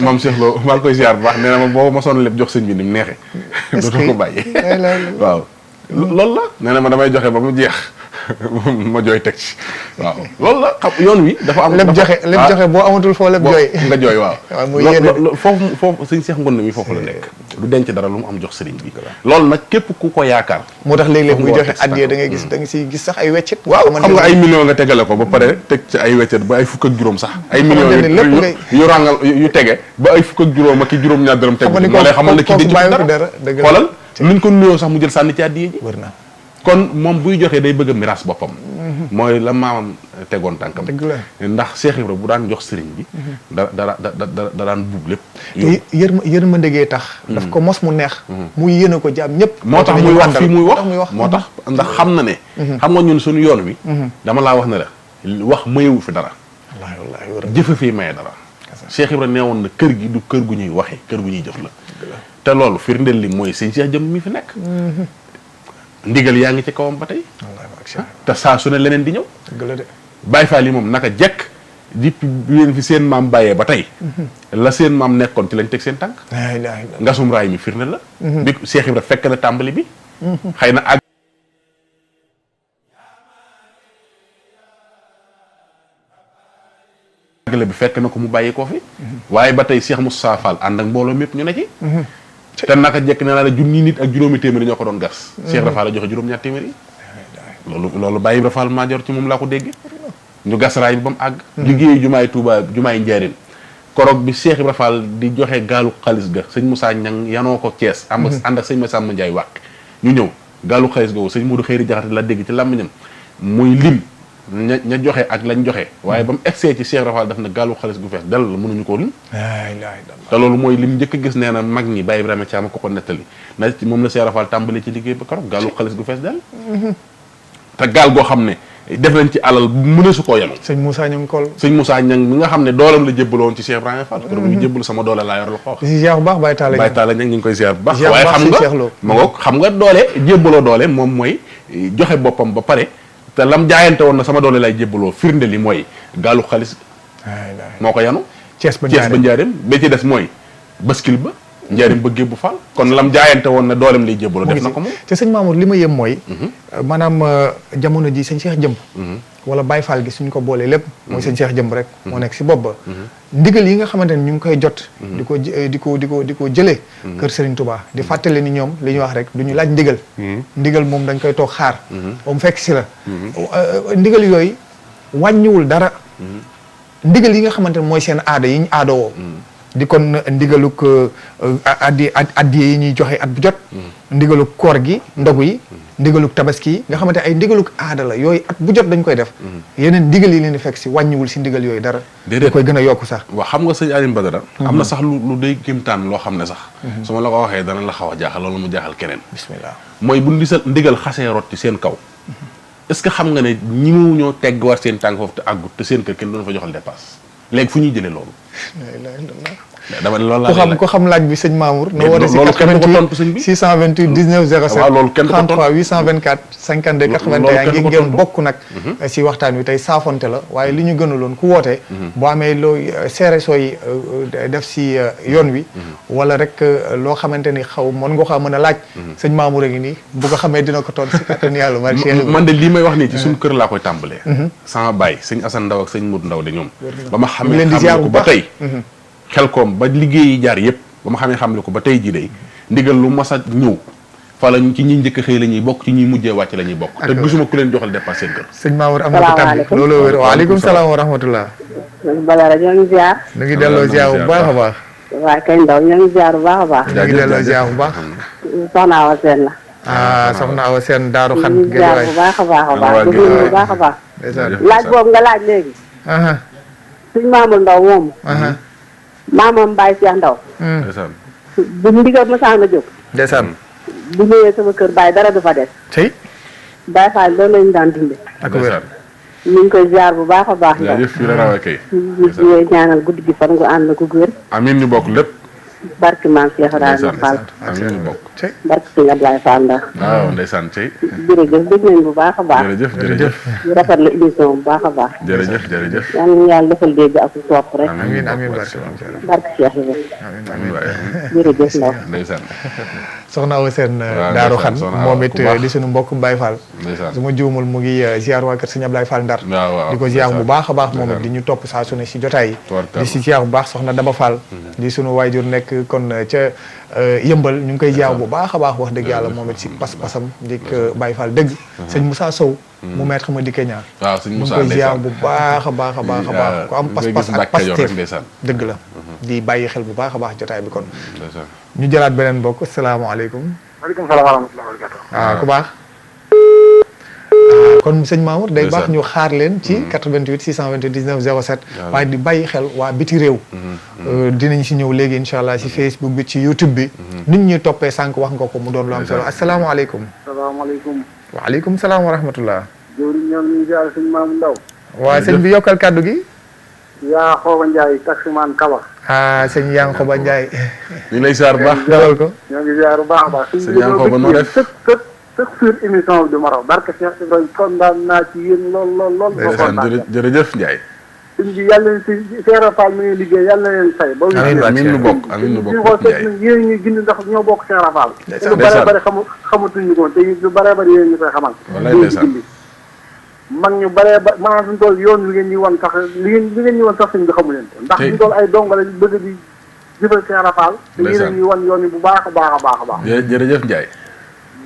maam Cheikh Lo maa ngi koy ziar bu baax nee na ma boo ma sonn leb jox sëñ bi ni mu neexee. dootoo waaw. loolu la nee na ma damay joxe ba mu jeex ma jooy teg ci waaw lool la xam yoon wi. dafa am leb joxe leb ah. joxe boo amatul foo leb jooy. nga jooy waaw. waaw muy yéene foofu foofu sëñ Cheikh Ngonde mi foofu la nekk. lu denc dara lu mu am jox sëriñ lool loolu nag képp ku ko yaakaar moo tax léeg-léeg muy joxe addiya da ngay gis mm. da nga siy gis sax ay weccet waaw xam nga ay million nga tegale ko ba pare teg ci ay weccet ba ay fukk ak juróom sax ay million yu ràngal yu tege ba ay fukk ak juróom ak i juróom ñaar dërëm teg moo lay xamal ne kii denc dara xoolal luñ ko nuyoo sax mu jël sànni ci addiya ji na kon moom buy joxee day bëgg a miraas boppam mhm. mooy la maamam tegoon tànkam ndax Cheikh Ibra bu daan jox sëriñ bi mhm. da da da da daan buub lépp yër ma gee tax mhm. daf ko mos mu neex muy yéene ko jaam ñëpp moo tax muy wax fii muy wax moo tax ndax xam na ne xam nga ñun suñu yoon wi dama laa wax ne la wax mayewu fi dara jëfe fii maye dara Cheikh Ibra nee woon na kër gi du kër gu ñuy waxe kër gu ñuy jëf la te loolu fi firndeel li mooy sëñ Cheikh jëm mi fi nekk ndigal yaa ngi ci kawam ba tey. te saa su ne leneen di ñëw. dëgg la de Baye Fall yi moom naka jekk di leen fi seen maam bàyyee ba tey. Mhm. la seen maam nekkoon ci lañ teg seen tànk. ngasum raay mi firnde la. Mhm. bi Cheikh Ibra fekk na tàmbali bi. Mhm. xëy na àgg. àggale bi fekk na ko mu bàyyi koo fi. waaye ba tey Cheikh Moustapha Fall ànd ak mbooloo mépp ñu ne ci. te naka jekk ne naa la junni nit ak juróomi téeméeri ñoo ko doon gas. Cheikh Ibra Fall la joxe juróom-ñaar téeméeri. loolu bàyyi Baye Ibra Fall Madior ci moom laa ko dégg. ñu gas raay bi ba mu àgg. Hmm. liggéeyu jumaay Touba jumaay Njaaréem. korog bi seexi Ibra Fall di joxe gaalu xaalis ga sëñ saa Niang yanoo ko Thiès. am hmm. ànd ak sëñ ma Massamba Ndiaye wàq. ñu ñëw gaalu xaalis googu sëñ Modou Xëyri Jaxate la dégg ci làmmiñam muy lim ña joxe ak lañ joxe. waaye ba mu egsee ci Cheikh Rafal def na gaalu xalis gu fees dell la mënuñu koo lim. te loolu mooy lim njëkk gis nee na mag ñi Baye Ibrahima Thiam ko ko nettali moom la Cheikh Rafal tàmbali ci liggéey ba keroog gaalu xaalis gu fees te gaal goo xam ne def nañ ci alal mëne su koo yenu sëñ Moussa Ñang Kol sëñ Moussa Ñang mi nga xam ne doolam la jébbaloon ci Cheikh Ibrahima Fall keroog ñu mhm. doole laa yor baax Baye Talla Baye Talla Ñang ñu ngi koy ziar bu baax waaye xam nga ma ngoog xam nga doole jébbaloo doole moom mooy joxe boppam ba pare te lam jaayante woon na sama doole lay jébbaloo firnde li mooy gaalu xaalis moo ko yanu Cees ba Njaareem ba ci des mooy baskil ba njëriñ bëggee bu fal kon lam jaayante woon na dooleem lay jébbalu def na ko moom te sëñ Mamour li ma yëm mooy mhm. euh, maanaam euh, jamono ji sëñ Cheikh Jëmb mhm. wala Baye Fall gi suñ ko boolee lépp mooy sëñ mhm. Cheikh Jëmb rek moo nekk si bopp ba ndigal yi nga xamante ne ñu ngi koy jot di ko euh, di ko di ko di ko jëlee kër Serigne Touba di fàttale ni ñoom li ñuy wax rek du ñu laaj ndigal ndigal moom dañ koy toog xaar mu fekk si la ndigal yooyu wàññiwul dara ndigal yi xamante ne mooy seen aada yi ñu aadowoo di kon ndigaluk euh, addi addi yi ñuy joxe at bu jot mm. ndigaluk koor gi ndogu yi mm. ndigaluk tabaski yi nga xamante ay ndigaluk aada yooyu at bu jot dañ koy def mm. yeneen ndigal yi leen di fekk si wàññiwul si ndigal yooyu dara da koy gën a yokk sax waaw xam nga sëñ Alioune Badara am na mm-hmm. sax lu lu loo xam ne sax mm-hmm. su ma la ko waxee dana la xaw a jaaxal loolu mu jaaxal keneen bismillah mooy bu di sa ndigal xasee rot ci seen kaw mm-hmm. est-ce que xam nga ne ñi mu ñoo tegg war seen tànk foofu te àggut te seen kër kenn doon fa joxal dépasse léegi fu ñuy jëlee loolu 奈奈奈。dama loolu laa ko xam ko xam laaj bi sëñ Mamour. na woote si 88 628 19 07. waaw loolu kenn du ko tontu 33 824 52 81 ngir ngeen bokk nag. si mhm. eh, waxtaan wi tey saafonte la waaye li ñu gënaloon ku woote. Mhm. boo amee loo eh, seere sooy eh, def si yoon wi. Mhm. wala rek loo xamante ni xaw mën nga ko mën a laaj. sëñ Mamour a ngi nii bu ko xamee dina ko tontu si kattan yàlla. man de lii may wax nii ci suñu kër laa koy tàmbalee. sama baay sëñ Assane Ndaw ak sëñ Mourou Ndaw de ñoom. ba ma xamee xam ko ba tey xelkoom ba liggéeyi jaar yëpp ba ma xamee xamle ko ba tey jii day ndigal lu mas a ñëw fa lañ ci ñi njëkk xëy la ñuy bokk ci ñuy mujjee wàcc la ñuy bokk te gisuma ku leen joxal dépasse seen kër sëñ Mamour am na ko tàbbi loolu wér waaleykum salaam wa rahmatullah ngi ziar ñu ngi delloo ziar bu a baax bu baax a baax ñu ngi Seen la ah a a Ndaw moom maamam Baye Cheikh Ndaw. Hmm. bu ndigal ma saan a jóg. ndeysaan. bu sa sama kër Baye dara du fa des. tey. Baye Fall loolu lañu daan dundee. ak ngi koy ziar bu baax a baax. jaajëf fii ñaanal guddi gi fan gu ànd gu wér. amiin ñu bokk lépp. barki maam Cheikh Ibrahima Abdoulaye Fall waaw ndeysaan jërëjëf dégg nañ bu baax a baax jërëjëf jërëjëf ñu rafetlu émission bu baax a baax jërëjëf jërëjëf na yàlla defal dégg ak topp rek amiin amiin jërëjëf ndaw ndeysaan soxna seen daaru xan di ko ya, ziar bu nah, si jotaay yi di si ziar bu baax soxna di sunu waajur nekk kon eh, ca eh, yëmbal ñu ngi koy jaaw bu ah. baax a baax wax dëgg yàlla ah. moom it si ah. pas-pasam di ko Baye Fall dëgg sëñ Moussa Sow mm. mu maître ma dikke ñaar waaw sëñ Moussa ñu ngi baax a baax a baax a baax ku am pas-pas ak dëgg la mm-hmm. di bàyyi xel bu baax a baax jotaay bi kon ñu jalaat beneen bokk salaamaaleykum waaleykum salaam ku baax Euh, kon seigne Mamour day bax ñu xaar leen ci 88 628 07 waaye di bayyi xel wa biti réew mm-hmm. euh, dinañ ci ñew legi inshallah allah si mm-hmm. facebook bi ci youtube bi mm-hmm. nit ñi topé sank wax nga ko mu doon lu am solo assalamu alaykum assalamu alaykum wa rahmatullah jori ñam ñu jaar seigne Mamour Ndaw wa seigne bi yokal kaddu gi ya xooba Ndiaye taxi man ah ha seigne yang Ndiaye. ñu ni lay sar bax dalal ko ñu ngi jaar bu baax baax. sëñ yaa def chaque jour émission bi du ma raw barke Cheikh Ibrahima kontaan naa ci yéen lool lool lool. bokkoon naa jërëjëf jërëjëf Ndiaye. suñ bi yàlla si Seera Fall mi liggéey yàlla na leen say. ba amiin amiin nu bokk amiin nu bokk Ndiaye yéen ñuy gindi ndax ñoo bokk Seera Fall. ndeysaan lu bare bare xamu xamatuñu ko te lu bare bare yéen ñu koy xamal. mag ñu bare ba maanaam suñu tool yoon li ngeen ñu wan sax li ngeen li ngeen ñu wan sax suñ bi xamu leen ndax suñu tool ay dongo lañ bëgg di jëfal Seera Fall te yéen ñuy wan yoon yi bu baax a baax a baax a baax jërëjëf Ndiaye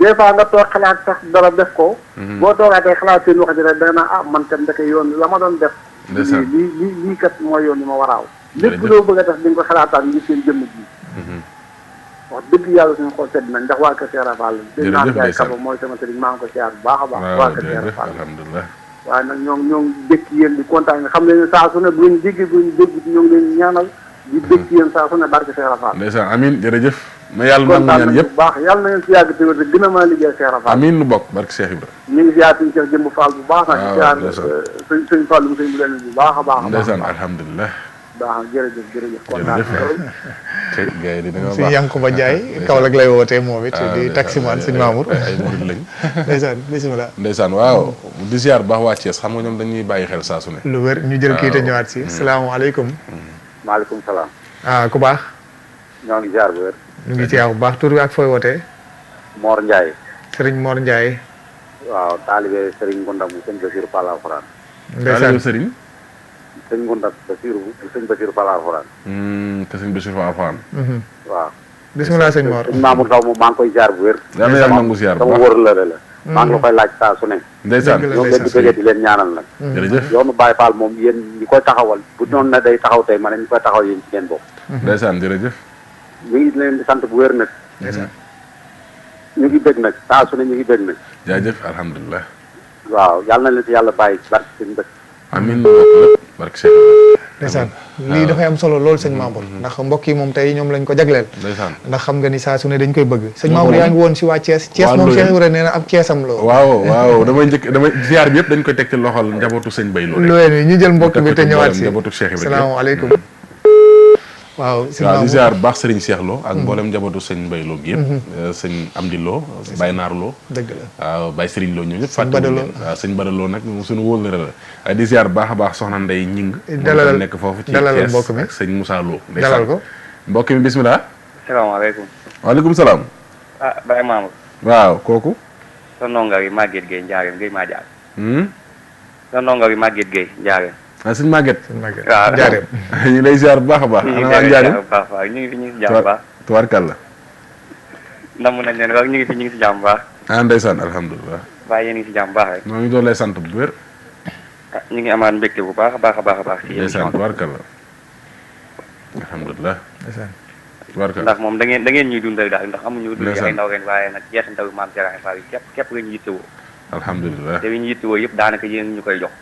des fois nga toog xalaat sax dara def ko. Mhm. boo toogaatee xalaat seen wax de rek dana ah man tam ndeke yoon la ma doon def. lii lii lii kat mooy yoon yi ma waraaw. lépp loo bëgg a def di ko xalaataan ngir seen jëmm ji. Mhm. wax dëgg yàlla suñu ko sedd na ndax waa Kër Seera Fall. jërëjëf Ndiaye Kaba mooy sama sëriñ maa ngi ko siyaar bu baax a baax. waa Kër Seera Fall waaye nag ñoo ngi ñoo ngi dëkk yéen di kontaan nga xam ne saa su ne bu ñu déggee bu ñu dégg ñoo ngi leen ñaanal di bëgg ci yéen saa su ne barke Cheikh Rafaal. ndeysaan jërëjëf. ma yàlla nangu ñaan yëpp baax yàlla na ngeen si yàgg te gën a mën nu bokk barke Cheikh ñu ngi bu baax. waaw euh, baax a baax. ndeysaan alhamdulilah. baax jërëjëf jërëjëf kontaan te gars yi dina si Yankuba Ndiaye lay wootee moom it ah, di taximaan suñu Mamour ay murid lañ ndeysaan bisimilah ndeysaan waaw di ziar baax waa Thiès xam nga ñoom dañuy bàyyi xel saa lu wér ñu jël kii te si mm. salaamaaleykum mm. maaleykum salaam. ah ku baax. ñoo ngi jaar bu wér. ñu ngi jaar bu baax tur bi ak fooy wootee. Mor Ndiaye. Serigne Mor Ndiaye. waaw taalibe Serigne Ngunda bu sëñ Basiru Fall Alxuraan. ndeysaan Serigne. sëñ Ngunda Basiru bu sëñ Basiru Fall Alxuraan. Hmm, te sëñ Basiru Fall Alxuraan. Mhm. waaw. maa ngi koy jaar bu wér. yàlla na yàlla nangu ziar bu baax sama wóor la. Mm-hmm. maa ngi la koy laaj saa su ne ndeysaan ñoom leen di bëggee di leen ñaanal nag jërëjëf yoonu Baye Fall moom yéen ñi koy taxawal bu doon na day taxaw tey ma ne ñu koy taxaw yéen ci ngeen bokk mm-hmm. ndeysaan jërëjëf ñu ngi leen di sant bu wér nag ñu ngi bëgg nag saa su ñu ngi bëgg nag jaajëf alhamdulilah waaw yàlla na leen si yàlla bàyyi ci barke seen bëgg amiin barke Cheikh ndeysaan lii dafay ah. am solo lool sëñ Mamour mm-hmm. ndax mbokk yi moom tey ñoom lañ ko jagleel ndax xam nga ni saa su ne dañ koy bëgg sëñ Mamour yaa ngi woon si waa Thiès Thiès moom Cheikh Ibrahima nee na ab Thièsam la waaw waaw damay njëkk damay ziar bi yëpp dañ koy teg ci loxol njabootu sëñ Bay loolu ñu jël mbokk bi te ñëwaat si salaamaaleykum mm-hmm. waaw waaw di ziar baax sëriñ Cheikh Lo ak mm-hmm. mboolem njabootu sëñ Mbaye Lo gi yëpp am mm-hmm. eh, Amdi Lo Baye Naar Lo dëgg la waaw Baye Sëriñ Lo ñoom ñëpp fàttali leen waaw sëñ Badaloo nag moom suñu wóolëre la eh, di ziar baax a soxna Ndey Ñing dalal nekk foofu ci dalal mbokk mi ak sëñ Moussa Lo dalal ko mbokk mi bismillah salaamaaleykum waaleykum salaam ah Baye Mamadou waaw kooku sa ndongo bi Maguette Gueye Ndiarème Gueye Madiar hmm? sa ndongo bi Maguette Gueye Ndiarème Asin maget, Maguette sëñ Maguette lay ziar baax baax ana waa Njaareem baax baax ñu fi ñu ngi si jàmm baax tubaarkàlla namm nañ leen waaw ñu fi ñu ngi si baax ah ndeysaan alhamdulilah waaye yéen ngi si baax rek maa ngi doon lay sant bu wér ñu ngi amaat mbégte bu baax a baax baax ndax da ngeen da ngeen ñuy dundal daal ndax ay ndaw ngeen ndaw maam yi daanaka jox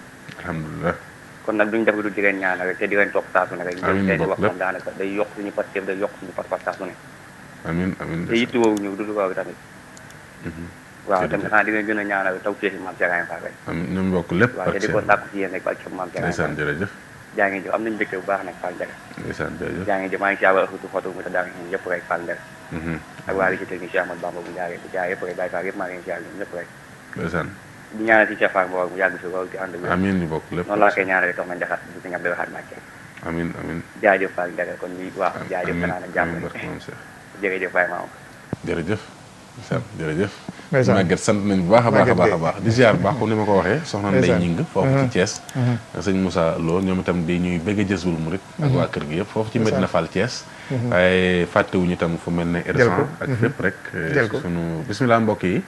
kon nag duñ def lu di leen ñaanal rek te di leen topp saa su ne rek. amiin yokk suñu pasteef suñu pas-pas saa su te yitti woowu waaw tamit. Mhm. waaw tamit xanaa di leen gën a ñaanal taw fii si maam Serigne lépp waaw te di ko sàkku si yéen rek ak maam Serigne Fall. ndeysaan jërëjëf. ngi jëf am nañu mbégte bu baax nag Fall Ndera. ndeysaan jërëjëf jaa ngi jëf maa ngi siyaaba ëxutu foto yëpp rek Fall Ndera. Mhm. ak waa li ci technicien Amadou Bamba bu Ndiaré yëpp rek ñaanal ci cafaar boobu yàgg si loolu ci ànd bi amiin ñu bokk lépp noonu laa koy ñaanale ma njaxat bu sëñ Abdou Wahab Mbacke amiin amiin jaajëf Fall Jaga kon ñuy wax jaajëf kanaan ak jàmm jërëjëf Baye Maam sant nañ bu baax di ziar baax comme ni ma ko soxna Ndey Ñing foofu ci Thiès sëñ Moussa Lo ñoom itam di ñuy bëgg a jësul murit ak waa kër gi yëpp ci Medina Fall fu Ersan ak rek sunu bismillah mbokk yi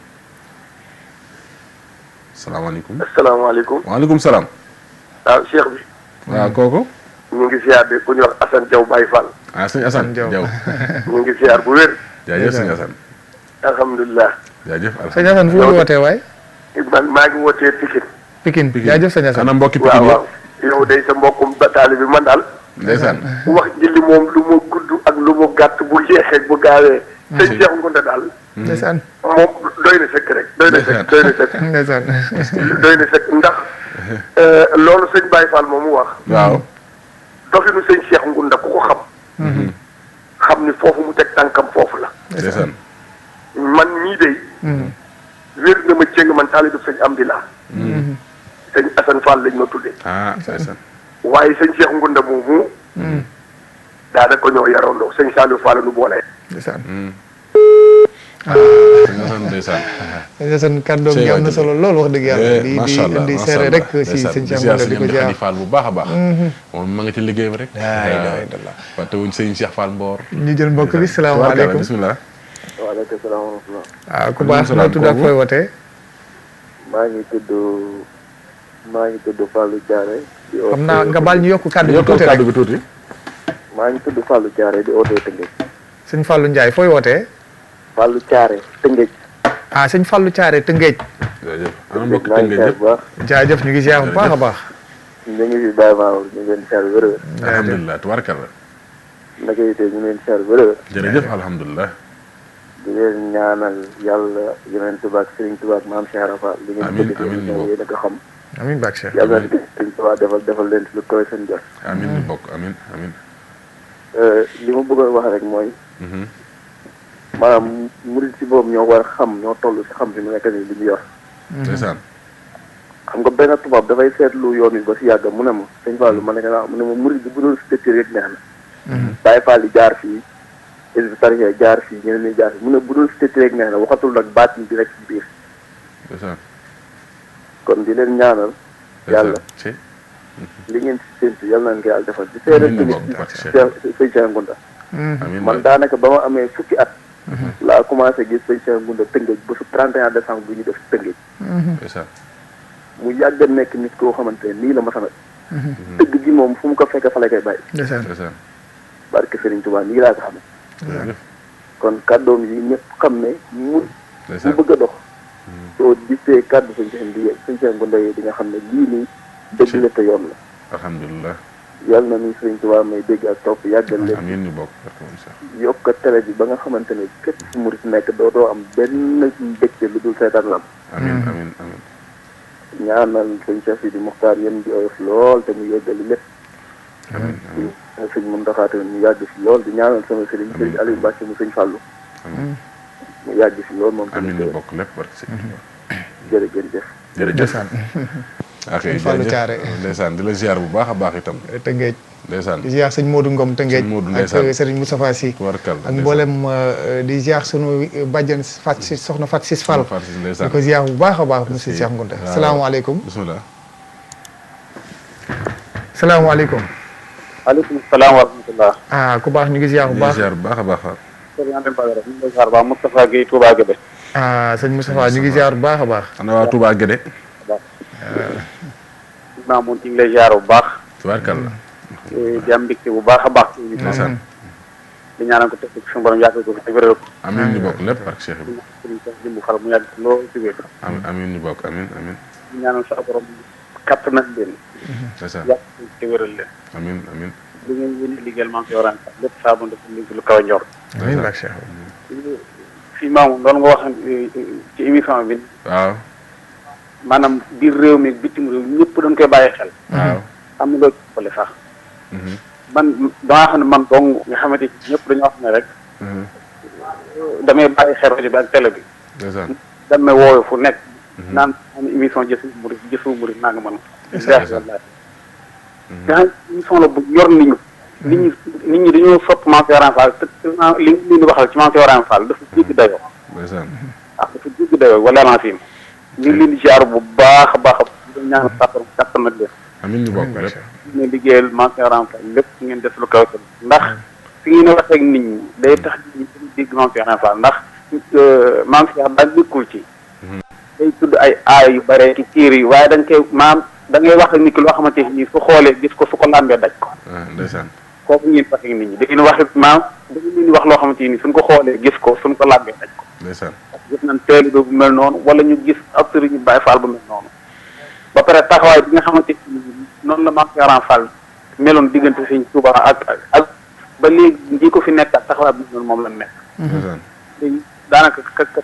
salaamaaleykum salaamaaleykum. waaleykum salaam. waaw ah, Cheikh bi. waaw kooku. ñu ngi ziar bi ku ñuy wax Assane Diaw Baye Fall. ah sëñ Assane Diaw ñu ngi ziar bu wér. jaajëf sëñ Assane. alhamdulilah. jaajëf alhamdulilah sëñ Assane fu ñu wootee waay. man maa ngi wootee Pikine. Pikine Pikine jaajëf sëñ Assane ana waaw yow day sa mbokkum bataali bi man daal. ndeysaan wax ji li moom lu ma gudd ak lu ma gàtt bu jeexee bu gaawee. sëñ Cheikh Ngonda daal. ndeysaan moom doy na sëkk rek. doy na sëkk doy na sëkk. ndax euh, loolu sëñ Baye Fall moomu wax. waaw doxinu sëñ Cheikh Ngunda ku ko xam. Mhm. xam ni foofu mu teg tànkam foofu la. ndeysaan man ñii de. Mhm. wér na ma cëng man taalibu sëñ di la mhm. sëñ Assane Fall lañ ma tuddee. ah ndeysaan waaye sëñ Cheikh Ngunda moomu. daanaka ñoo yarandoo sëñ Saliou Fall nu boole. ndeysaan. ndeysaan ndeysaan kàddoom gi am na solo lool di di di seere rek si sëñ Cheikh di ko jaar Fall bu baax a baax moom ma rek alhamdulillah fàtte wuñ sëñ Cheikh Fall Mboor ñu jël mbokk bi salaamaaleykum bismillah waaleykum salaam wa rahmatulah waaw ku baax noo tudd ak fooy wootee maa ngi tudd maa ngi tudd Fallou Diaré xam naa nga baal ñu yokk kàddu bi tuuti rek maa ngi tudd Fallou di ootee kan iya, eh? kan eh? Tëngéej Fallou Thiaré Tëngéej. ah sëñ Fallou Thiaré Tëngéej. jaajëf ana mbokk Tëngéej yëpp jaajëf ñu ngi ziar bu baax a baax. ñu ngi fi Baye Mamour ñu ngi leen ziar bu wërëwër. alhamdulilah tubaarkalla. naka yitee ñu ngi leen ziar bu wërëwër. jërëjëf alhamdulilah. di leen ñaanal yàlla yeneen tubaab Serigne Tubaab maam Cheikh Rafa. amiin amiin li ngeen ko xam. amiin baak Cheikh yàlla na Serigne Tubaab defal defal leen lu koy seen jox. amiin ñu bokk amiin amiin. Euh, li ma bëggoon wax rek mooy. Mm-hmm. maanaam murid si boobu ñoo war xam ñoo toll si xam si mu nekk nii li ñu yor. Mm-hmm. ndeysaan. xam nga benn tubaab dafay seetlu yoon wi ba si yàgg mu ne ma sëñ Fallou mm-hmm. ma ne ko ah, mu ne ma murid bi bu doon si dëkk rek neex na. Mm-hmm. Baye Fall jaar fii Hizbut jaar fii ñeneen ñi jaar mu ne bu doon si dëkk rek neex na waxatul nag baat bi rek ci kon di leen ñaanal. yàlla li ngeen si séntu yal ko yàlla defal. di seede tamit sëñ Cheikh ba ma amee fukki at. laa commencé gis sëñ Cheikh Ngounda Tëngéej bésu 31 décembre bu ñu def Tëngéej. Mhm. c'est ça. mu yàgg nekk nit koo xamante ne nii la ma sama. Mhm. Mhm. tëgg ji moom fu mu ko fekk fa la koy bàyyi. c'est ça barke Serigne nii laa ko xamee. kon kàddoom yi ñëpp xam ne mu. mu bëgg a dox. soo gisee kàddu sëñ Cheikh di sëñ Cheikh Ngounda di nga xam ne lii nii dëgg la te yoon la. alhamdulilah. yàlla na ñu sëriñ Tuubaa may dégg ak topp yàggal leen amiin ah, ñu bokk yokk télé bi ba nga xamante ne képp fu murit nekk doo doo am benn mbégte lu dul seetaan lam mm-hmm. amiin amiin amiin ñaanal sëñ Cheikh Sidi Muxtaar yéen di oyof lool te mu yeggali lépp amiin amiin sëñ Muntaxa tamit mu yàgg si lool di ñaanal sama sëriñ sëriñ Aliou Mbacke mu mu yàgg si lool moom tamit amiin ñu bokk lépp barke sëñ mm-hmm. Tuubaa jërëjëf jërëjëf ak Fallou Thiaré ndeysaan di la ziar bu baax a baax itam eh, Tëngéej ndeysaan di ziar sëñ Modou Ngom Tëngéej ak euh, sëriñ Moustapha Sy ak mboolem euh, di ziar sunu bàjjen Fat si soxna Fat Sis Fall di ko ziar bu baax a baax monsieur Cheikh Ngounta salaamaaleykum bisimilah salaamaaleykum aleykum salaam wa rahmatullah ah ku baax ñu ngi ziar bu baax ziar bu baax a baax sëriñ Anta Mbagara ñu ngi ziar bu baax Moustapha Gueye Touba Guédé ah sëñ Moustapha ñu ngi ziar bu baax a baax ana waa Touba Guédé naa moom ci ngi lay ziar bu baax. tubaarkalla. di am mbégte bu baax a baax. ndeysaan. di sa borom kàtt na leen. ndeysaan yàgg ko te wéral leen. amiin amiin. li ngeen yéene liggéeyal maa ngi koy waraan sax lépp saa bu a njor. amiin ak Cheikh. fii maamu doon nga wax ci émission bi. waaw. maanaam biir réew mi bitim réew ñëpp dañ koy bàyyi xel. waaw am na loo sax. Mhm. man damaa xam ne man dong nga xamante ni ñëpp dañoo wax ne rek. Mhm. damay bàyyi xel rajo bi ak télé bi. dañ wooyu fu nekk. Mhm. naan émission jësu murid jësu murid naa nga mën. nga émission la bu yor nit ñi. nit ñi nit ñi dañoo sopp Mame Cheikh li li ñu waxal ci dafa jéggi dayoo. waaw ah, dafa jéggi dayoo wala lancé ñu ngi leen di jaar bu baax a baax a ñaan safar kàttanal leen. amiin ñu bokk lépp. ñu liggéeyal Mansour lépp ngeen def lu kaw ndax fi ngeen di waxee ak nit day tax nit ñi dégg Mansour ndax euh, Mansour daal nekkul ci. day tudd ay aay yu bare ci tiir yi waaye dañ koy maam da ngay wax ak nit ki loo xamante ni su xoolee gis ko su ko làmbee daj ko. Ah, ndeysaan. kooku ngeen wax ak nit ñi da ngeen wax maam da ngeen wax loo xamante ni suñ ko xoolee gis ko suñ ko làmbee daj ko. ndeysaan. gis nañ taalibe bu mel noonu wala ñu gis ab sëriñu Baay Faal bu mel noonu ba pare taxawaay bi nga xamante noonu la Maam Yaram Fall meloon diggante Sëriñ Tuubaa ak ak ba léegi ngi ko fi nekk ak taxawaay bi noonu moom la nekk mhm. léegi daanaka ka ka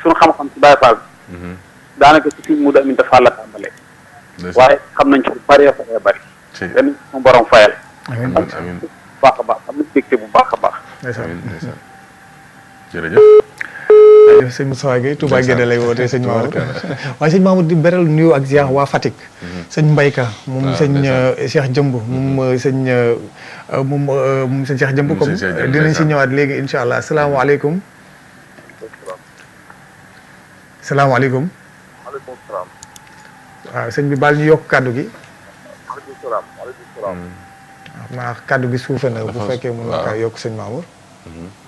suñu xam-xam ci Baay Faal mhm. daanaka ci Sëriñ Moodu Aminta Fall la tàmbalee waaye xam nañ ci lu bëree bëree bëri dañu suñu borom fayal amiin baax a baax am na bu baax a baax hmm. jërëjëf jërëjëf sëñ Moussa Gueye Touba Guédé lay wootee sëñ Mamour waaye sëñ Mamour di beral nuyu ak ziar waa Fatick mhm. sëñ Mbayka moom ah, sëñ euh, Cheikh Jëmb moom mhm. euh, sëñ euh, moom moom sëñ Cheikh Jëmb comme dinañ si ñëwaat léegi incha allah asalaamaaleykum salaamaaleykum sëñ bi baal ñu yokk kàddu gi mm. waaw naa kàddu gi suufe na bu fekkee mën nga yokk sëñ Mamour mhm.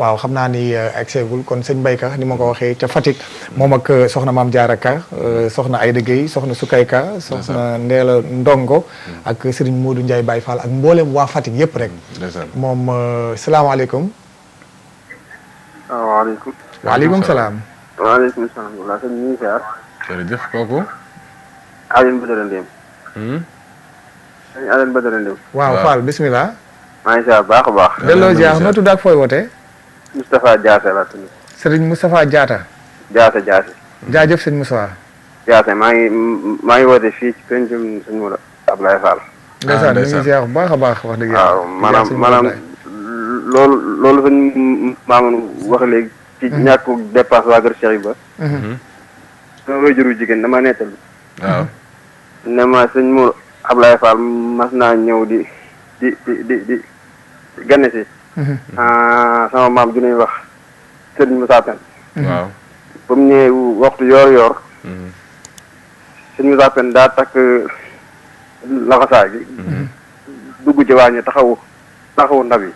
waaw xam naa ni accès eh, gul kon sëñ Mbayka ni ma ko waxee ca Fatick moom ak eh, soxna Maam Jaara Ka eh, soxna ay Gueye soxna Sukay Ka soxna Ndeela Ndongo ak Serigne Modou Ndiaye Baye Fall ak mboolem waa Fatick yëpp rek mm, moom salaam kooku Alioune Badara Ndiem hmm? sëñ Alioune Badara Ndiem maa ngi siyaar baax baax delloo ziar noo tudd ak fooy wootee Moustapha Diatta laa tudd. Serigne Moustapha jaata Diatta Diatta. jaajëf sëñ Moustapha. Diatta maa ngi maa ngi woote fii ci pencum sëñ Moura Ablaye Fall. ndeysaan ah, ñu ngi bu baax a baax wax dëgg yàlla. waaw maanaam maanaam loolu loolu sëñ Mamoun wax léegi. ci mhm. ñàkk dépasse waa kër Cheikh mhm. Mhm. jigéen dama nettal. sëñ Moura Ablaye Fall mas naa ñëw di di di di di Mm-hmm. Ah, sama mam mm-hmm. mm-hmm. gi ñuy wax Serigne Moussa Pen waaw bam mu waxtu yor yor Serigne Moussa Pen tak la xasa gi duggu ci wañu taxawu taxawu ndab yi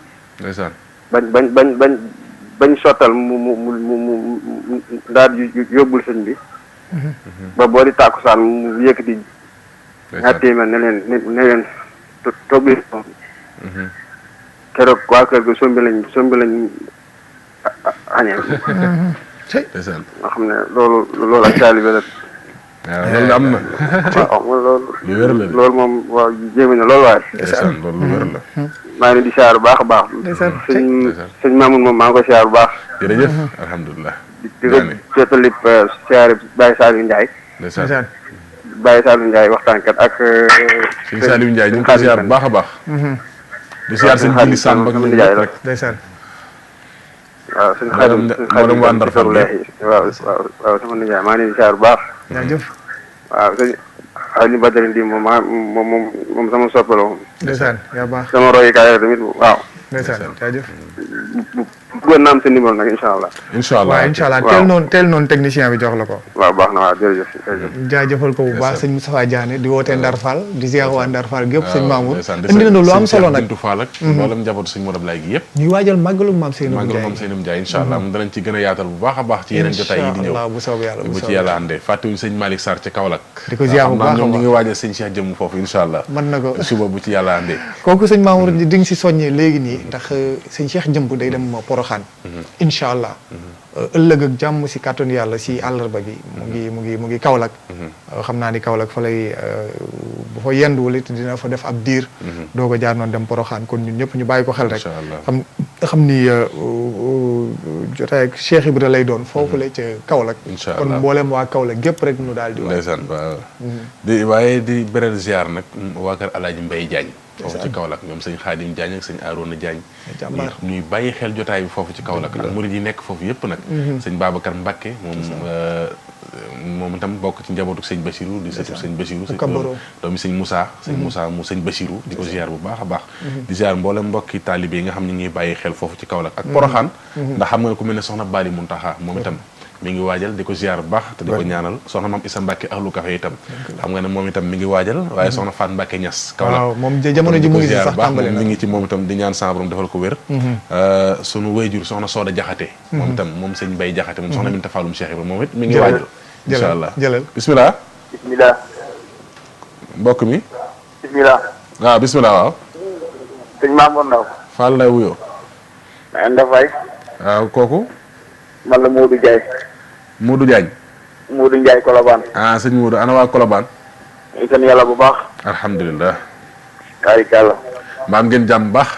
bañ bañ bañ bañ bañ sotal mu mu mu mu mu daal yobul sëñ bi ba boo di mu yëkkati ñaar téeméer ne leen ne leen togg keroog waa kër ga sombi lañ sombi lañ añee. ndeysaan nga xam ne lool loolu ak taalibe la. waaw loolu am na. lool moom waaw jéeme na loolu waaye. maa ngi di siyaar bu baax a baax. ndeysaan sëñ sëñ Mamoun moom maa ko siyaar bu baax. jërëjëf alhamdulilah. di di ko jottali euh, siyaare Baye Saliou Ndiaye. ndeysaan Baye Saliou Ndiaye waxtaankat ak. Euh, sëñ Saliou Ndiaye ñu ngi ko siyaar bu baax a baax. Mm-hmm. di siyaar seen jili sàmm ak ñoom ñëpp rek ndeysaan waaw suñu xarit moo doon waa Ndar fan yëpp waaw waaw waaw sama nijaay maa ngi leen di siyaar bu baax jaajëf waaw sëñ Aliou Badara Ndim moom maa moom moom moom sama soppaloo ndeysaan baax sama royukaay tamit waaw ndeysaan jaajëf bëggoon naa am seen numéro nag incha allah. incha noonu teel noonu jox la ko. baax na waaw jërëjëf jërëjëf. ko bu baax sëñ Moustapha Diané di wootee Ndar Fall di ziar waa Ndar Fall gépp sëñ ah, Mamour indi mhm. mhm. ci gën di ko ziar bu baax ñoom ñu ngi waajal sëñ Cheikh jëmm foofu incha allah mën na ko suba bu ci yàlla kooku sëñ Mamour di si soññee léegi nii ndax euh, sëñ Cheikh jëmm day dem porox poroxaan mhm. incha allah mhm. ëllëg jàmm si kàttanu yàlla si àllarba bi mu ngi mhm. mu ngi mu ngi Kaolack xam naa ni kawlak fa lay euh, bu fa yend it dina fa def ab diir doog a jaar noonu dem poroxaan kon ñun ñëpp ñu bàyyi ko xel rek xam xam ni euh, euh, jotaay ak bi Ibra lay doon foofu la ca Kaolack kon mboolem waa Kaolack gépp rek ñu daal di ndeysaan waaye di beral ziar nag waa kër Alaaji Mbaye Diagne foofu ci Kaolack ñoom sëñ Xaadim Diagne ak sëñ Arouna Diagne ñuy bàyyi xel jotaay bi foofu ci Kaolack ak murid yi nekk foofu yëpp nag mhm. sëñ Babacar Mbacké euh, moom itam bokk ci njabootu sëñ Bachirou di sëtu sëñ Bachirou doomi sëñ Moussa sëñ mhm. Moussa mu sëñ Bachirou di ko ziar bu baax a baax mhm. di ziar mboolem mbokki taalibe nga xam ne ñuy bàyyi xel foofu ci Kaolack ak Poroxaan ndax xam nga ku mel ne soxna Bali Muntaxa moom itam mingi wajal diko bah, ziar bax te diko ñaanal soxna mam isa mbàkke ahlu kafe itam xam nga ne mom itam mingi wajal waye mhm. soxna fan bakenyas, ñas kaw mom moom jamono ji mu ngi sax tambale na mingi ci mom itam di ñaan sa borom defal ko mhm. euh sunu wayjur soxna soda jaxate mhm. mom itam mom sëñ bay jaxate mom soxna min tafalum cheikh ibrahim mom it mingi wajal inshallah jelal bismillah bismillah mbok mi bismillah waaw ah, bismillah waaw sëñ maamoon ndaw fal lay wuyo ndaw fay waaw ah, kooku man Modou Diagne Modou Ndiaye kolaban. ah sëñ Modou ana kolaban. Colobane isan yàlla bu baax alhamdulilah taarikàlla mbaam ngeen jàmm baax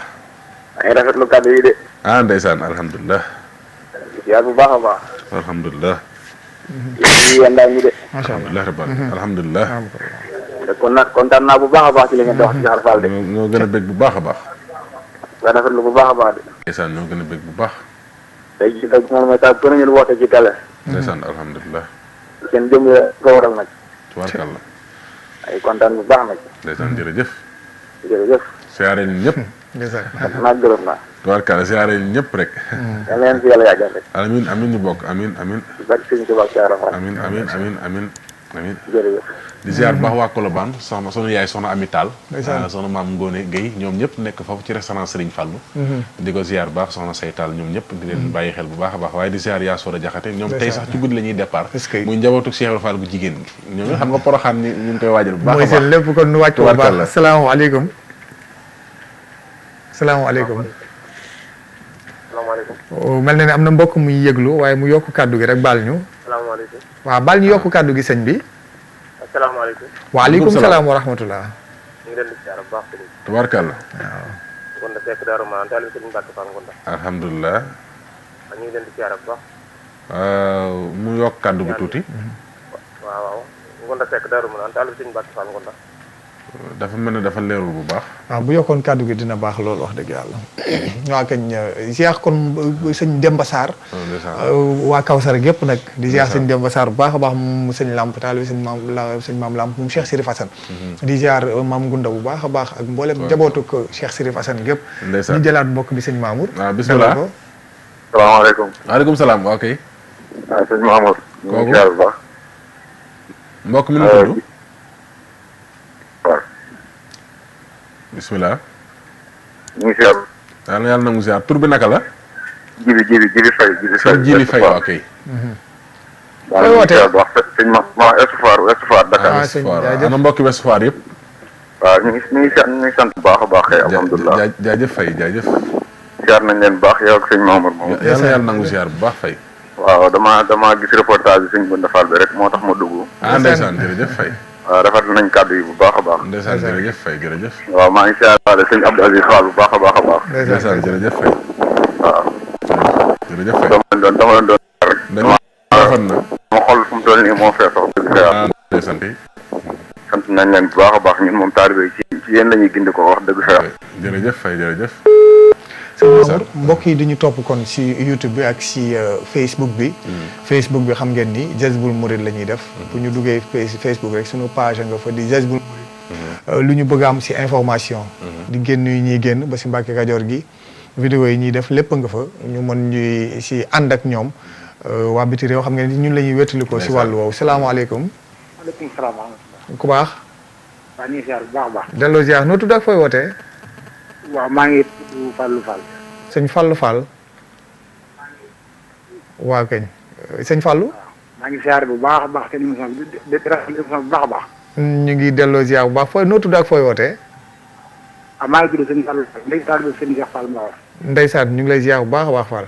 ay rafetlu yi de ah ndeysaan alhamdulilah yaa bu baax a baax alhamdulilah yi yendaa ñu de masha allah rabbal mhm. alhamdulilah kon nag kontaan naa bu baax a baax ci li ngeen wax ci xarfaal de ñoo gën bu baax bu baax baax de ñoo bu baax tey jii nag moom mooy saa gën a ñu woote ci télé. ndeysaan alhamdulilah. seen jëm yi ko waral nag. tubaarkàlla. ay kontaan bu baax nag. ndeysaan jërëjëf. jërëjëf. siyaare ñun ñëpp. ndeysaan naa gërëm naa. tubaarkàlla siyaare ñun ñëpp rek. yal na leen fi yàlla yàggal rek. amiin amiin ñu bokk amiin amiin. barke sëñ Tuubaa amin amin amin amin amin jërëjëf. di ziar mhm. baax waa Colobane sama sonu yaay sonu Amital eh, sonu mam Ngone gey ñom ñep nek fofu ci restaurant Serigne fallu mhm. di ko ziar baax sonu saytal ñom ñep di len mhm. baye xel bu baax baax way di ziar ya soora jaxate ñom tay sax ci guddi lañuy ñuy départ muy njabootu Cheikh Ibra Fall gu jigéen gi xam nga poroxaan ni ñu koy wajjal bu baax moy seen lépp kon nu waccu bu baax asalaamaaleykum asalaamaaleykum asalaamaaleykum oh, mel na ne am amna mbokk muy yeglu waye mu yokku kaddu gi rek baal ñu alaykum wa baal ñu yokk kàddu gi señ bi salaamaaleykum. waaleykum salaam wa rahmatulah. ñu ngi leen di ziar bu baax. tubaarkàlla. waaw. Ngonda Seck Darou Marnane Taalib Serigne Mbacke Fall Ngonda. alhamdulilah. ngi leen di ziar bu baax. mu yokk kàddu bu tuuti. waaw waaw Ngonda Seck Darou Marnane Taalib Serigne Mbacke Fall Ngonda. dafa mel ne dafa leerul bu baax. waaw ah, bu yokkoon kàddu gi dina baax loolu wax dëgg yàlla. waa kañ euh, ziar kon euh, sëñ Demba Sarr. Ah, euh, waa Kawsara gépp nag. di ziar sëñ Demba Sarr bu baax a baax mu sëñ Lamp Taal bi sëñ maam la sëñ maam Lamp mu Cheikh Sirif Assane. Mm-hmm. di ziar maam bu baax a baax ak mboolem njabootu Cheikh Sirif Assane gépp. ndeysaan jëlaat mbokk bi sëñ Mamour. waaw ah, bisimilah salaamaaleykum. waaleykum salaam waaw kay. waaw bu baax. bismillah ñu ci yalla yalla nangu ziar tur bi naka la jibi jibi jibi fay jibi fay jibi fay ok koy wote wax señ ma ma esfar esfar dakar ah, ah, esfar ana mbokk esfar yep waaw ñu ñu ñu sant baaxa baax kay alhamdullilah jaajëf fay jaajëf ziar nañ leen baax yow ak señ mamar mom yalla yalla nangu ziar bu baax fay waaw dama dama gis reportage señ bu ndafal bi rek motax ma duggu ah ndaysan jërëjëf fay waaw rafetlu nañ kàddu bu baax a baax. ndeysaan jërëjëf Faye jërëjëf. waaw maa ngi siyaare sëñ Abdou Aziz Fall bu baax a baax a baax. ndeysaan jërëjëf Faye. waaw. jërëjëf xool fu mu toll nii moo feesoo. Ah, dëgg sant nañ leen bu baax a baax ñun moom taalibe ci ci yéen la ñuy gindi ko wax dëgg fa. jërëjëf Faye mbokk yi dañu topp kon si YouTube bi ak si euh, Facebook bi. Hmm. Facebook bi xam ngeen ni Jazboul Mouride la ñuy def. bu hmm. ñu duggee Facebook rek sunu page nga fa di Jazboul Mouride. Hmm. Euh, lu ñu bëgg am si information. di génn ñuy génn ba si Mbàkke Kajoor gi. vidéo yi ñuy def lépp nga fa ñu mën ñuy si ànd ak ñoom euh, waa biti réew xam ngeen ni ñun la ñuy wétalikoo si wàllu woowu salaamaaleykum. ku baax. waaw ñu delloo noo tudd ak fooy wootee. sëñ Fallou Fall. waaw kañ sëñ Fallou. maa ngi ziar bu baax baax seen émission bi di bu baax baax. ñu ngi delloo ziar bu baax fooy noo tudd ak fooy wootee. ah maa ñu ngi lay ziar bu baax a baax Fall.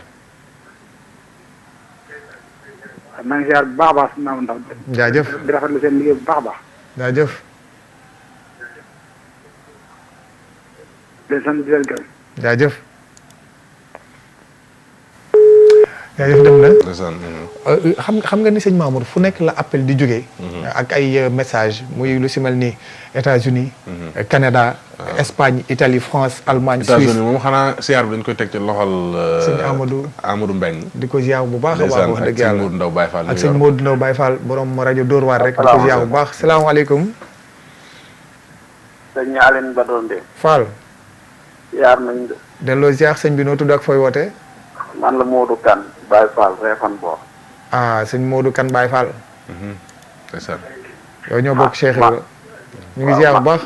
naa ah, ngi ziar bu baax a baax suñu naaw ndaw. jaajëf jëf rafetlu seen baax a baax. jaajëf. yaa mm. euh, xam xam nga ni sëñ Mamour fu nekk la appel di jóge mm-hmm. ak ay euh, message muy lu si mel ni États-Unis mm-hmm. euh, Canada ah. Espagne Italie France Allemagne Suisse États-Unis moom xanaa siyaar bi dañ koy teg ci loxol sëñ Amadou Amadou Mbeng di ko ziar bu baax a baax wax yàlla Modou Ndaw Baye Fall ak sëñ Modou Ndaw rajo Dóor waar rek di ko bu baax salaamaaleykum sëñ Aline Badonde Fall ziar nañ bi noo tudd ak fooy wootee la Modou Kane Baay saya Réfan Mboor. ah, mhm, ah ñu ngi ziar ma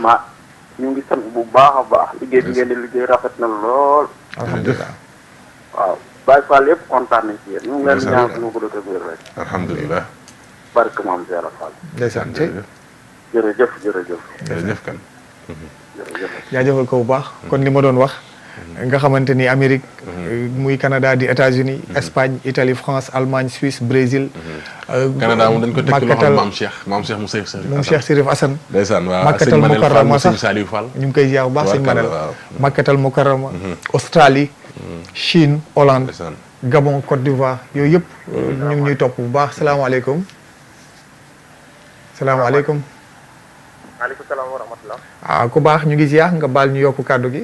ñu ngi bu baax baax. liggéey bi ngeen di liggéey rafet na lool. waaw ci ñu ngi leen ñaan ko rek. kan. Ya mhm. jëf ko bu baax. kon li ma doon wax nga xamante ni Amérique mhm. euh, muy Canada di États-Unis mhm. Espagne Italie France Allemagne Suisse Brésil. Mhm. Euh, Canada moom dañ ko tekk ci xam maam Cheikh mam Cheikh Moussa Sérif Assane moom Cheikh Sérif Assane. ndeysaan waaw makkatal mukarrama sax ñu ngi koy jaar bu baax sëñ Manel makkatal mukarrama. Australie. Chine Hollande. Gabon Côte d'Ivoire yoy yep ñu ngi ñuy topp bu baax salaamaaleykum. alaykum maaleykum salaam wa rahmatullah ah ku baax ñu ngi ziar nga bal ñu yokk kàddu gi.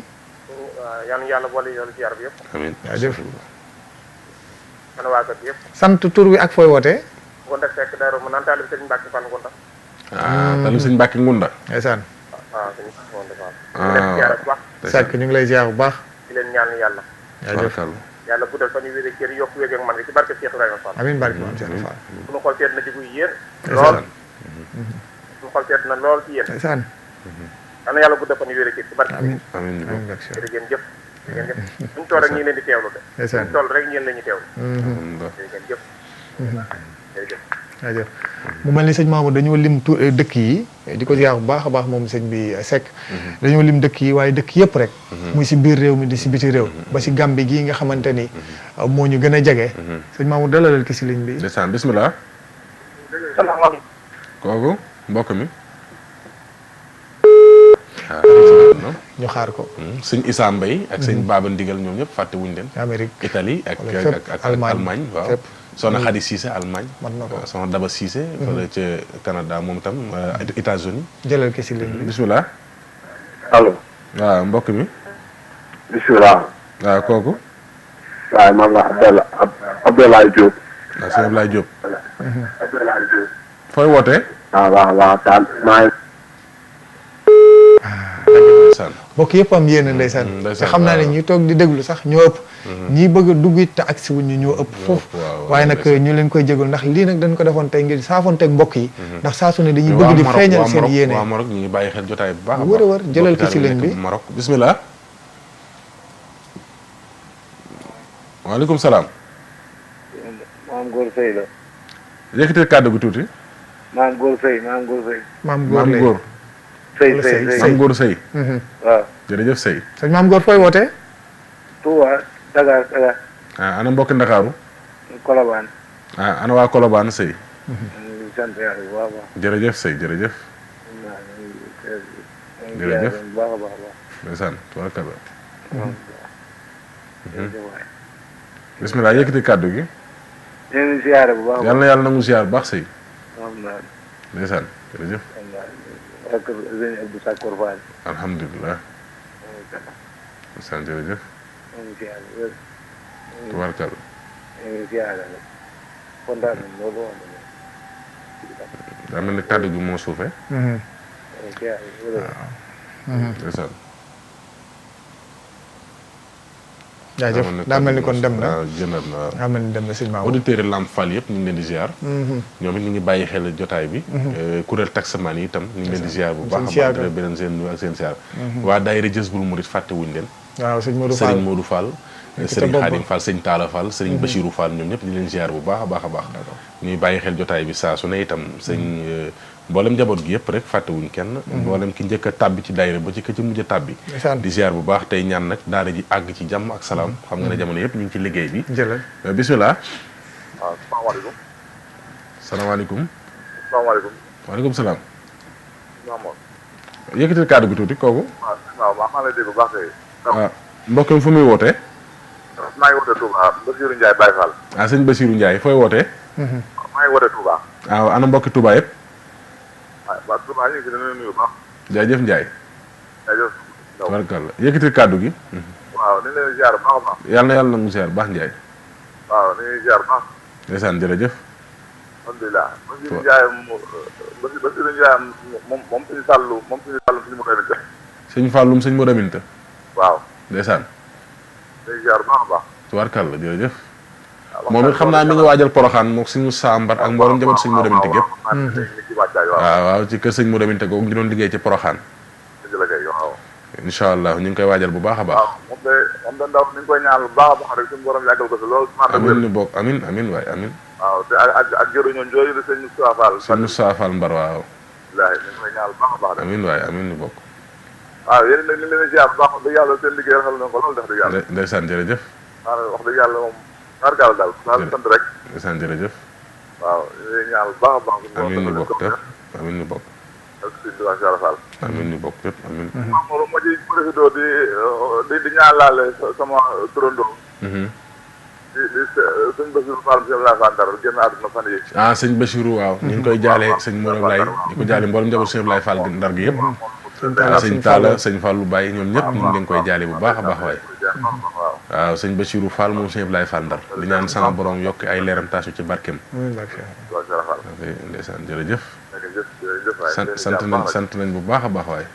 yal na yàlla boole yoolu ziar bi yëpp. amiin jaajëf. man waa kër gi yëpp. sant tur bi ak fooy wootee. Ngunda Seck Darou mu naan taalib Sëriñ Mbacke Fall Ngunda. ah hmm. taalib Sëriñ Mbacke Ngunda. ndeysaan. waaw ah, ah, ah, sëñ ñu ngi lay ziar bu baax. di leen ñaan yàlla. jaajëf yàlla guddal fa ñu wéree cër yokk wéeg ak man ci barke Cheikh Ibrahima Fall. ma xool seet na di ko yéen. lool mm-hmm. bu ma xool seet na lool ci yéen. ndeysaan. Mm-hmm. yàlla yàlla guddal fan yu wér ci barke amiin amiin jërëjëf jëf ñu tool rek ñi leen di teewlu de ñu tool rek ñeen la ñu teewlu jërëjëf jëf mu lim tu yi eh, eh, di ko baax baax bi eh, sek, mm-hmm. dañoo lim dëkk yi waaye dëkk rek mm-hmm. muy si biir réew mi di si biti réew mm-hmm. ba si Gàmbi gii nga xamante ni ñu gën a jege sëñ dalalal ki bi mbokk mi ñu xaar ko hmm. suñ Issa Mbaye ak sëñ hmm. Baba Ndigal ñoom ñëpp fàtte wuñu leen Amérique Italie ak ak Allemagne waaw soxna Xadi hmm. Cissé Allemagne man na ko soxna Daba Cissé wala ca Canada moom itam euh, États-Unis jëlal ko si ligne bi bisimilah allo waaw mbokk mi bisimilah waaw kooku waaw man la Abdallah Abdoulaye fooy wootee waaw ah, waaw waaw daal mbokk yëpp am yéene mm-hmm. Mm-hmm, ndeysaan te xam di déglu sax ñoo mm-hmm. ñi bëgg dugg it te wu ñu ñoo ëpp foofu waaye nag ñu leen koy jégal ndax lii nak dañ ko defoon tey ngir saafonteeg mbokk ndax ne dañuy bëgg di feeñal seen yéene waa Maroc ñu ngi xel bu baax wër wër jëlal ci leen bi bismillah waaleykum salaam maam góor sëy la yëkkatil kàddu gu tuuti maam góor sëy maam maam sëy sëy am góor sëy waaw jërëjëf sëy sëñ maam góor fooy wootee Touba ah, Dakar Dakar ah ana mbokki ah ana bismillah yëkkati kàddu gi yéen siyaare bu baax yàlla na nangu siyaar baax sakkoor sëñ Abdou Sakkoor Fall. alhamdulilah. sant jërëjëf. tubarkal. kontaan nañ loolu wax dëgg. daa mel ni kàddu gi moo suufee. Mhm. jaajëf daa mel ni kon dem na jëndal na daa mel ni dem na sëñ Mamour auditeurs yi Lamp yëpp ñu ngi leen di ziar mhm. ñoom it ñu ngi bàyyi xel jotaay bi mhm. euh, kuréel taxamaan yi itam ñu ngi leen di ziar bu baax a baax beneen seen nuyu ak seen ziar waa daayira Jazbul Murid fàtte wuñu leen waaw sëñ Modou Fall sëriñ Modou Fall sëriñ Xaadim Fall sëriñ Taala Fall sëriñ Bachirou ñoom ñëpp di leen ziar bu baax a baax a baax ñuy bàyyi xel jotaay bi saa su ne itam sëñ mhm. euh, mboolem njaboot gi yëpp rek fàttewuñ kenn mhm. mboolem ki njëkk a tàbbi ci daayira ba ci ka ci mujj a tàbbi di ziar bu baax tey ñaan nag daara ji àgg ci jàmm ak salaam mhm. xam nga ne jamono yëpp ñu ngi ci liggéey bi euh, bisimilah waaw salaamaaleykum tuuti kooku ah, fu muy wootee maa ngi wootee Touba Basirou ah, Ndiaye fooy wootee mhm. maa ah, ana mbokki Touba waaw jadi, ñu ngi jadi, jadi, nuyu jadi, jaajëf Ndiaye. jaajëf. jadi, yëkkati jadi, gi. waaw jadi, jadi, ziar baax jadi, baax. yàlla jadi yàlla jadi, jadi, ziar baax Ndiaye. waaw jadi, jadi, ziar baax. ndeysaan jërëjëf. alhamdulilah. jadi, Ndiaye jadi, jadi, Ndiaye moom moom suñu sàllu moom suñu jadi suñu jadi, jadi, jadi, jadi, jadi, jadi, jadi, jadi, jadi, waaw. ndeysaan. jadi, ziar baax jërëjëf. moom it xam naa mi ngi waajal poroxaan moog suñu saambar ak mboolem jamono suñu mën gépp wàccaay waaw waaw ci kër sëñ Modou Aminta googu ñu doon liggéey ci Poroxaan dëgg la ñu ngi koy waajal bu baax a baax waaw moom de moom de koy ñaanal bu baax a baax rek suñu borom yàggal ko si loolu amin ñu bok amin amin waay amin waaw te ak ak jëruñoon jooyu de sëñ Moustapha Fall sëñ Moustapha Fall Mbar waaw a baax rek amin waay amin ñu bokk waaw yéen nag ñu leen si bu baax wax waaw ñu ñaan bu baax a baax. amiin ñu bokk yëpp amiin ñu bokk. ak suñu diwaan si Arafal. amiin ñu bokk yëpp amiin. maa mhm. ngi woon ma ci président di di di ñaan laale sama turandoo. Mhm. di di sëñ Bachirou Fall monsieur Mawla Fandar génn àdduna fan yii. ah sëñ ngi koy jaale sëñ Mor Ablaye di ko jaale mboolem njaboot sëñ Ablaye Fall Ndar gi yëpp. waaw sëñ Talla sëñ Fallou Baye ñoom ñëpp ñu ngi leen koy ah, jaale bu ah, baax a baax ah, waay waaw sëñ Bassirou Fall moom sëñ Ablaye Fall Ndar di ñaan sama borom yokk ay leeram taasu ci barkeem ndeysaan jërëjëf sant sant nañ sant nañ bu baax a baax waay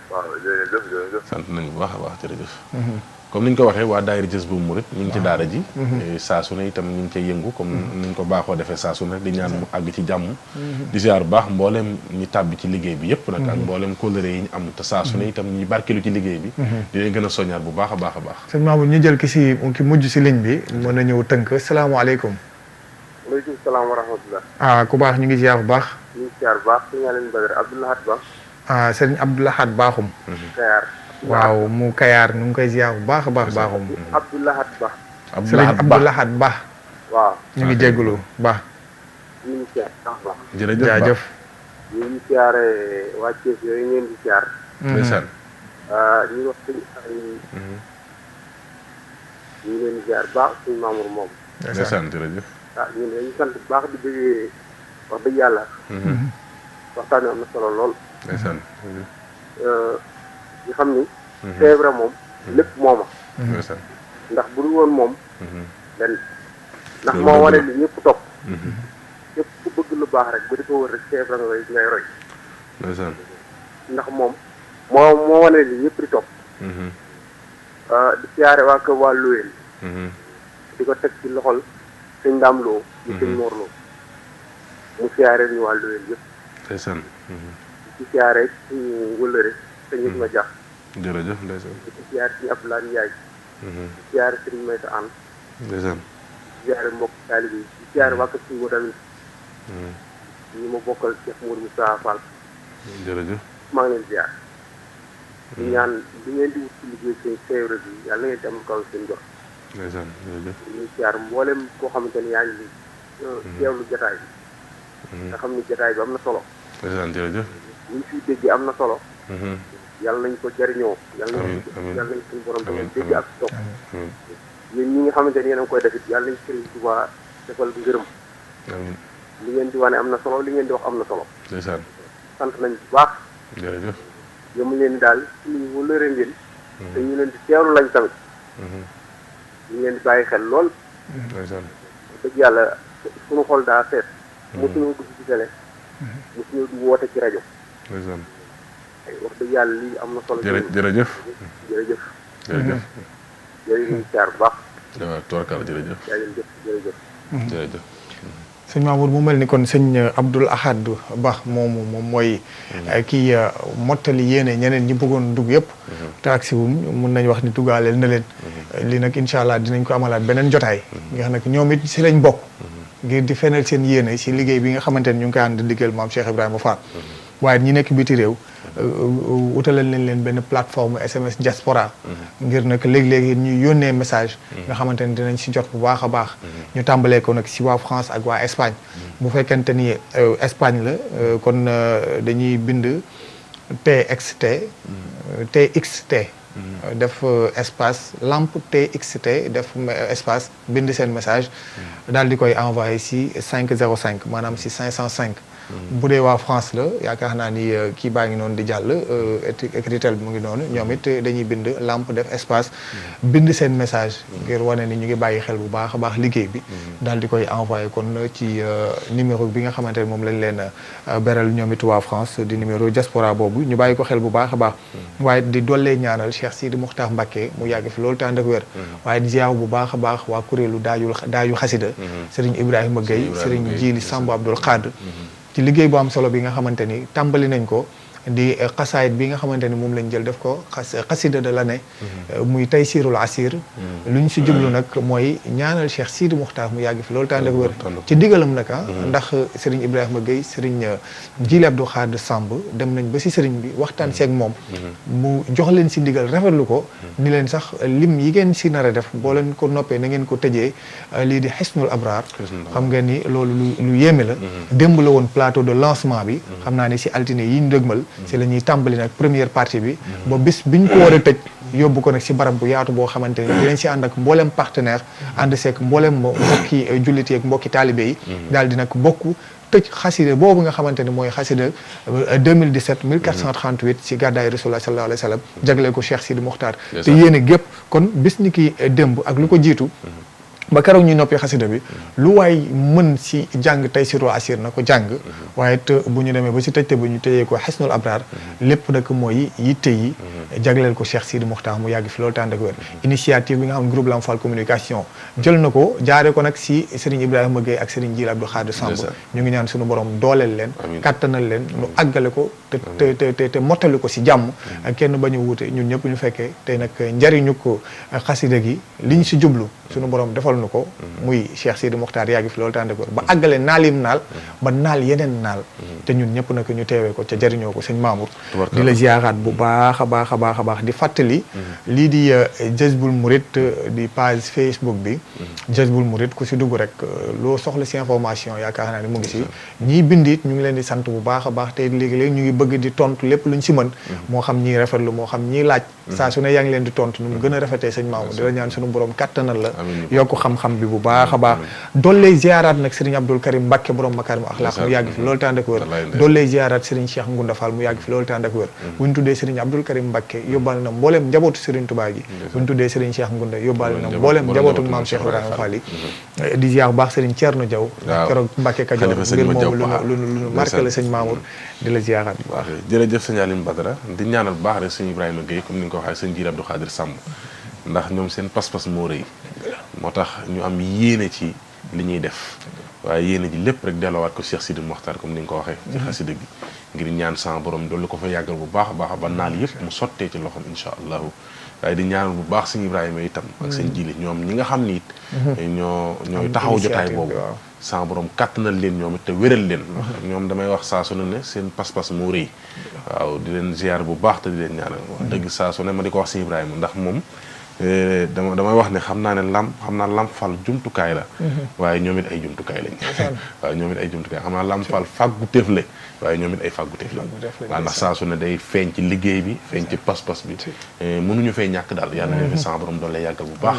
sant nañ bu baax a baax jërëjëf mhm. comme ni ñu ko waxee waa daayira jës bu murit ñu ngi ci daara ji mhm. saa su ne itam ñu ngi cay yëngu comme mhm. ni ñu ko baaxoo defee saa su ne di ñaan mu àgg ci jàmm mhm. di ziar bu baax mbooleem ñi tàbbi ci liggéey bi yëpp nag ak mbooleem kóllëre yi ñu am te saa su ne itam ñi barkeelu ci liggéey bi di leen bu baax a baax a baax ñu jël ki si ki mujj si ligne bi mën na ñëw tënk salaamaaleykum aleykum salaam wa ah, ku baax ñu ngi ziar bu baax ñu ngi ziar bu baax Baaxum waaw mu kayaar nu ngi koy ziar bu baax a baax baaxum Abdoulahat Ba Sëriñ Abdoulahat Ba waaw ñu ngi jégalu Ba ñu ngi siyaar sax Ba jërëjëf jaajëf ñu ngi siyaare waa Thiès yooyu ngeen di siyaar hmm. ndeysaan ah, ñu wax suñu hmm. ñu ngi leen di siyaar baax suñu Mamour moom ndeysaan jërëjëf ah ñun dañu sant bu baax di bëggee wax dëgg yàlla hmm. waxtaan am na solo lool ndeysaan ñu xam ni. c'est mhm. moom mhm. lépp mooma. Mhm. ndax bu dul woon moom. ndax moo wane li ñëpp topp. ñëpp ku bëgg lu baax rek bu di ko wër rek c'est vrai ngay roy. ndax moom moo moo wane li ñëpp di topp. Ah, di siyaare waa kër waa Loyal. di ko teg ci loxol suñ daam loo. ñu suñ moor loo mu siyaare ñu waa Loyal yëpp. ndeysaan. di siyaare suñu wëllëre te ñu ma jàpp. jërëjëf ndeysaan. di ziare suñu Abdoulaye Ndiaye. Mhm. di ziare Serigne Maysa An. ndeysaan. di ziare mbokk taalibe yi di ziare waa Kër Sibo tamit. ñu ma bokkal Cheikh Mourou Moussa Fall. jërëjëf maa ngi leen ziare. di mhm. ñaan di ngeen di wut ci liggéey seen feebar bi yàlla na ngeen di am kaw seen jox. ndeysaan jërëjëf. di ziare mboolem koo xamante ni yaa ngi nii. Euh, mhm. teewlu jotaay bi. nga xam ni jotaay bi am na solo. ndeysaan jërëjëf. li ñu fiy déggee am na solo. yàlla nañ ko jariñoo yàlla nañ ko yàlla nañ borom dafa dégg ak topp yéen ñi nga xamante ne yéen a ngi koy def it yàlla nañ Sëriñ Tuubaa defal li ngeen di wane am na solo li ngeen di wax am na solo sant nañ bu baax jërëjëf yëmu leen daal suñu wëlëre ngeen te ñu leen di teewlu lañ tamit mhm. ñu leen di bàyyi xel lool mhm. dëgg yàlla suñu xol daa seet mhm. mosuñu dugg ci télé mosuñu woote ci rajo wax dëgg yàlla lii am na solo. jërëjëf jërëjëf. jërëjëf. bu baax. waaw tubarkalla jërëjëf. jërëjëf jërëjëf. Mhm. jërëjëf. sëñ Mamour mu mel ni kon sëñ Abdoul Ahad Ba moomu moom mooy. Mhm. Eh, kii eh, mottali yéene ñeneen ñi bëggoon dugg yëpp. si wu mun nañ wax ni duggaaleel na leen. Mhm. li nag incha allah dinañ ko amalaat beneen jotaay. nga xam nag ñoom it si lañ bokk. ngir di feneel seen yéene si liggéey bi nga xamante ni ñu ngi koy ànd liggéeyal maam Cheikh Ibrahima Fall. waaye ñi nekk biti réew. ou euh, nañ leen benn plateforme SMS diaspora. ngir nag léegi message. nga dinañ jot bu baax. ñu ko France ak Espagne. bu ni euh, euh, TXT. TXT. def espace lampe TXT espace message. daal di envoyé si 505 maanaam 505. bu dee waa France la yaakaar naa ni euh, kii baa ngi noonu di jàll écritel euh, bi mu ngi noonu ñoom it euh, dañuy bind lampe def espace bind seen message ngir wane ni ñu ngi bàyyi xel bu baax a baax liggéey bi daal di koy envoyé kon ci numéro bi nga xamante ne moom lañ leen beral ñoom it waa France di numéro diaspora boobu ñu bàyyi ko xel bu baax a baax waaye di dollee ñaanal Cheikh Sidi Moukhtar Mbacké mu yàgg fi loolu tànd ak wér waaye di ziar bu baax a baax waa kuréelu daayul daayu xasida mm-hmm. Serigne Ibrahima Gueye Serigne Jili Samba Abdoul Khadr mm-hmm. ci liggéey bu am solo bi nga xamante ni tàmbali nañ ko di euh, xasaayit bi nga xamante ni moom lañ jël def ko xas euh, xasida de l'année mm-hmm. euh, muy taysirul asir mm-hmm. lu ñu si jublu mm-hmm. nag mooy ñaanal Cheikh Sidi Moukhtar mu yàgg fi loolu tànn ak wér ci digalam nag ah, ndax Serigne Ibrahima Gueye Serigne Djili Abdou Khadre Samb dem nañ ba si Serigne bi waxtaan seeg moom mu jox leen si ndigal lu ko ni leen sax lim yi ngeen si nar a def boo leen ko noppee na ngeen ko tëjee lii di xisnul abraar xam nga ni loolu lu lu yéeme la démb woon plateau de lancement bi xam naa ne si altine yi ñu dëgmal ci la ñuy tàmbali nag première partie bi ba bis bi ñu ko war a tëj yóbbu ko nag si barab bu yaatu boo xamante ni dinañ si ànd ak mbooleem partenaire ànd seek mbooleem mbokki euh, jullit yeeg mbokki taalibe yi mm-hmm. daal di nag bokk tëj xasida boobu nga xamante ne mooy xasida 2017 1438 si gàddaay rasulullah sallallahu alayhi wa sallam jagleel ko Cheikh Sidi Mokhtar te yéene gépp kon bis ni ki euh, démb ak lu ko jiitu mm-hmm. ba keroog ñuy noppi xasida bi lu waay mën si jàng tey siro asir na ko jàng waaye te bu ñu demee ba si tëjte bu ñu tëjee ko xesnul abrar lépp nag mooy yitte yi jagleel ko Cheikh Sidi Moukhtar mu yàgg fi loolu tànd ak wér initiative bi nga xam groupe Lamfal communication jël na ko jaare ko nag si Serigne Ibrahima Gueye ak Serigne Jil Abdou Khadir Samb ñu ngi ñaan suñu borom dooleel leen kattanal leen nu àggale ko te te te mottali ko si jàmm kenn bañu wuute ñun ñëpp ñu fekkee tey nag njariñu ko xasida gi liñ si jublu suñu borom nu ko muy cheikh sidi mokhtar yaagi fi lol tande ko ba agale nalim nal ba nal yenen nal te ñun ñëpp nak ñu teewee ko ci jëriñoo ko seigne Mamour di la ziarat bu baakha baakha baakha baax di fatali li di euh, jezbul mourid euh, di page Facebook bi jezbul mourid ku si dugg rek euh, lo soxla ci information yaaka na ni mu ngi ci ñi bindit ñu ngi leen di sante bu baakha a baax te léegi-léegi ñu ngi bëgg di tontu lepp luñ ci mën mo xam ñii rafetlu mo xam ñi laaj sa su ne leen di tontu ñu gëna rafeté seigne Mamour di la ñaan suñu borom katanal la yokku xam-xam bi bu baax a baax doollee ziarat nag Serigne Abdoul Karim Mbacke borom makarim axlaaq mu yàgg fi loolu tànd ak mu yàgg fi loolu tànd ak wér mm-hmm. buñ tuddee Serigne Karim Mbacke yóbbaale na mbooleem njabootu Serigne Touba gi buñ tuddee Serigne Cheikh Ngunda yóbbaale na mbooleem njabootu maam Cheikh Ibrahima Fall yi mm-hmm. eh, di ziar baax Serigne Thierno Diaw keroog Mbacke Kajoor mbir moomu lu lu marqué la sëñ mm-hmm. Mamour di la ziarat bu baax jërëjëf sëñ Alim Badara di ñaanal baax rek ndax ñoom seen pas-pas moo rëy moo tax ñu am yéene ci li ñuy def waaye yéene ji lépp rek delloowaat ko Cheikh Sidi Mokhtar comme ni nga ko waxee ci mhm. xasida bi ngir ñaan san borom doolu ko fa yàggal bu a baax ba naal yëpp mu sottee ci loxoom incha allahu waaye di ñaanal bu baax sëñ Ibrahima itam ak sëñ mhm. Jili ñoom ñi nga xam ni it mhm. ñoo ñooy taxaw jotaay boobu san borom kàttanal leen ñoom it te wéral leen ñoom damay wax saa su ne ne seen pas-pas di leen ziar bu baax te di leen ñaanal wax dëgg saa su ma di ko wax Ibrahima ndax moom Eh, dama damay wax ne xam naa ne lam xam naa lam fal jumtukaay la mhm. waaye ñoom it ay jumtukaay lañ waaw ñoom it ay la waaye ñoom it ay la waaw ndax saa su ne day feeñ ci liggéey bi feeñ ci pas-pas bi eh, mënuñu fay ñàkk daal mhm. bu baax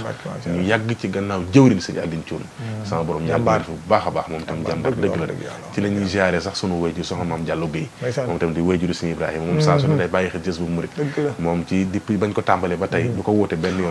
ñu yàgg ci gannaaw jëwrin sëñ Alioune Thioune mhm. sama a baax moom tam di wéyjuru sëñ Ibrahima moom saa su ne day bàyyi xel bu murit moom ci depuis bañ ko tàmbalee ba tey du ko wóote benn yoon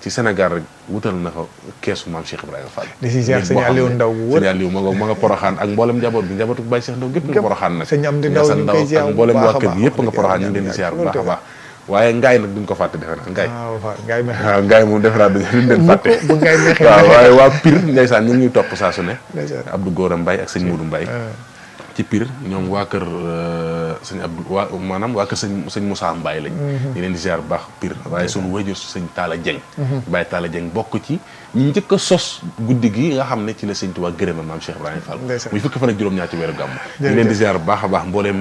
ci Sénégal rek wutal na ko keesu maam Cheikh Ibrahima Fall. di si ziar sëñ Aliou Ndaw bu wër sëñ Aliou ma nga ma nga poroxaan ak mboolem njaboot bi njabootu Baye Cheikh Ndaw gépp nga poroxaan nag sëñ baax a baax waaye ngaay nag duñ ko fàtte defe naa ngaay ah, waaw ah, moom defe naa duñ leen fàtte waaw waaye waa Pire ndeysaan ñu ñuy topp saa su ne Abdou Gora Mbaye ak sëñ Modou Mbaye ah. ci Pire ñoom waa kër euh, sëñ Abdou waa maanaam waa kër sëñ sëñ Moussa Mbaye lañ mhm. ñu leen di ziar bu baax Pire waaye suñu wajur a Talla Dieng mhm. Baye a Dieng bokk ci ñi njëkk a sos guddi gi nga xam ne ci la sëñ Tuubaa gërëma maam Cheikh Ibrahima Fall muy fukki fan ak juróom-ñaar ci weeru gàmm ñu leen di ziar bu baax a baax mbooleem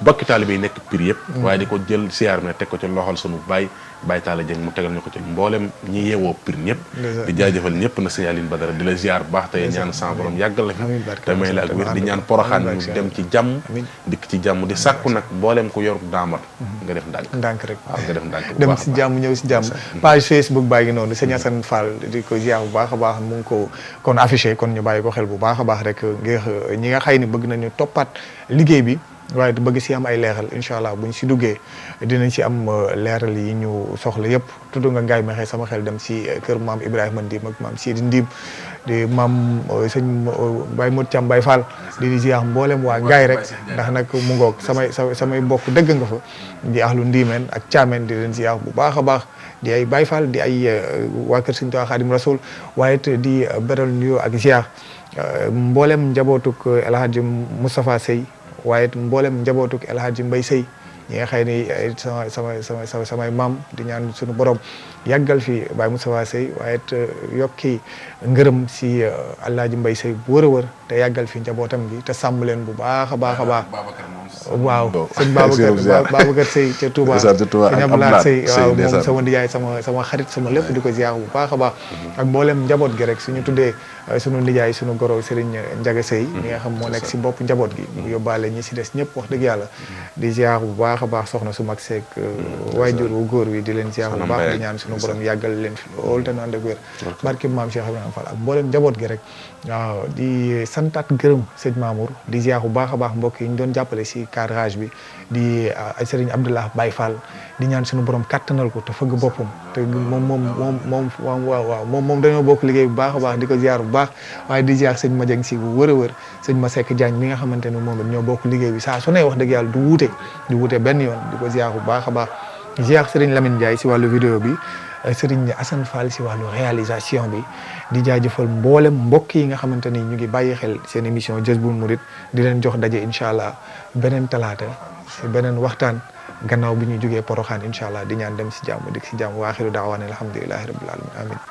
bokki taalibe yi nekk Pire yëpp mhm. waaye di ko jël ziar mi ne teg ko ci loxol suñu baay Baye Talla Dieng mu tegal ñu ko ci mboolem ñi yeewoo Pire ñëpp di jaajëfal ñëpp na sëñ ba Badara di la ziar baax tey ñaan sans borom yàggal la fi te may la ak wér di ñaan poroxaan ñu dem ci jàmm dikk ci jàmm di sàkku nag mboolem ku yor daamar mhm. nga def ndànk ndànk rek waaw nga def ndànk dem si jàmm ñëw si jàmm page Facebook baa ngi noonu sëñ mhm. Assane Fall di ko ziar bu baax a baax mu ko kon affiché kon ñu bàyyi ko xel bu baax a baax rek ngir ñi nga xëy ni bëgg nañu toppaat liggéey bi waaye bëgg si am ay leeral incha allah buñ si duggee dinañ si am euh, leeral yi ñu soxla yëpp tudd nga ngaay mexee sama xel dem si euh, kër maam Ibrahima Ndim ak maam si Ndim di maam euh, sëñ Baye Modou Thiam Baye di ziar mboolem waa ndax nag mu ngoog samay samay mbokk dëgg nga fa di ahlu ak caameen di leen ziar bu baax a baax di ay di ay waa kër sëñ Tuubaa Xaadim Rasul waaye di beral nuyoo ak ziar mboolem njabootuk El Hadj Moustapha Sey waaye it mboolem njabootuk El Hadji Mbaye Seye ñi nga xëy ni sama sama sama samay maam di ñaan suñu borom yàggal fi Baye Moustapha Seye waaye it euh, yokki ngërëm si euh, Alaaji Mbay Seye bu wër a wër te yàggal fi njabootam bi te sàmm leen bu baax a baax a baax waaw sëñ Babacar Babacar Seye ca Touba sëñ Abdoulaye Seye waaw moom sama nijaay sama sama xarit sama lépp di ko ziar bu baax a baax mhm. ak mboolem njaboot gi rek suñu tuddee euh, suñu nijaay suñu goro Serigne Ndiaga Seye mhm. mi nga xam moo nekk si bopp njaboot gi mu mhm. yóbbaale ñi si des ñëpp wax dëgg yàlla di ziar bu baax a baax soxna su mag seeg waajur wu góor wi di leen ziar bu baax di ñaan sunu borom yàggal leen fi loolu te naan dëgg wér barki maam Cheikh Ibrahima Fall ak mbooleem njaboot gi rek waaw di santaat gërëm sëñ Mamour di ziar bu baax a baax mbokk yi ñu doon jàppale si cadrage bi di ah, sëriñ Abdoulah Baye Fall di ñaan sunu borom kattanal ko te fëgg boppam te moom moom moom moom waaw waaw moom moom dañoo bokk liggéey bu baax a baax di ko ziar bu baax waaye di ziar sëñ Madiagne si bu wër a wër sëñ Masek Diagne mi nga xamante ne moom it ñoo bokk liggéey bi saa su ne wax dëgg yàlla du wuute du wute benn yoon di ko ziar bu baax a baax ziar Serigne Lamine Ndiaye si wàllu vidéo bi Serigne Assane Fall si wàllu réalisation bi di jaajëfal mboolem mbokk yi nga xamante ni ñu ngi bàyyi xel seen émission Jazboul Mouride di leen jox daje incha allah beneen talaata si beneen waxtaan gannaaw bi ñu jógee Poroxaan incha allah di ñaan dem si jàmm dik si jàmm waaxiru daawaane alhamdulilahi rabbil alamin amin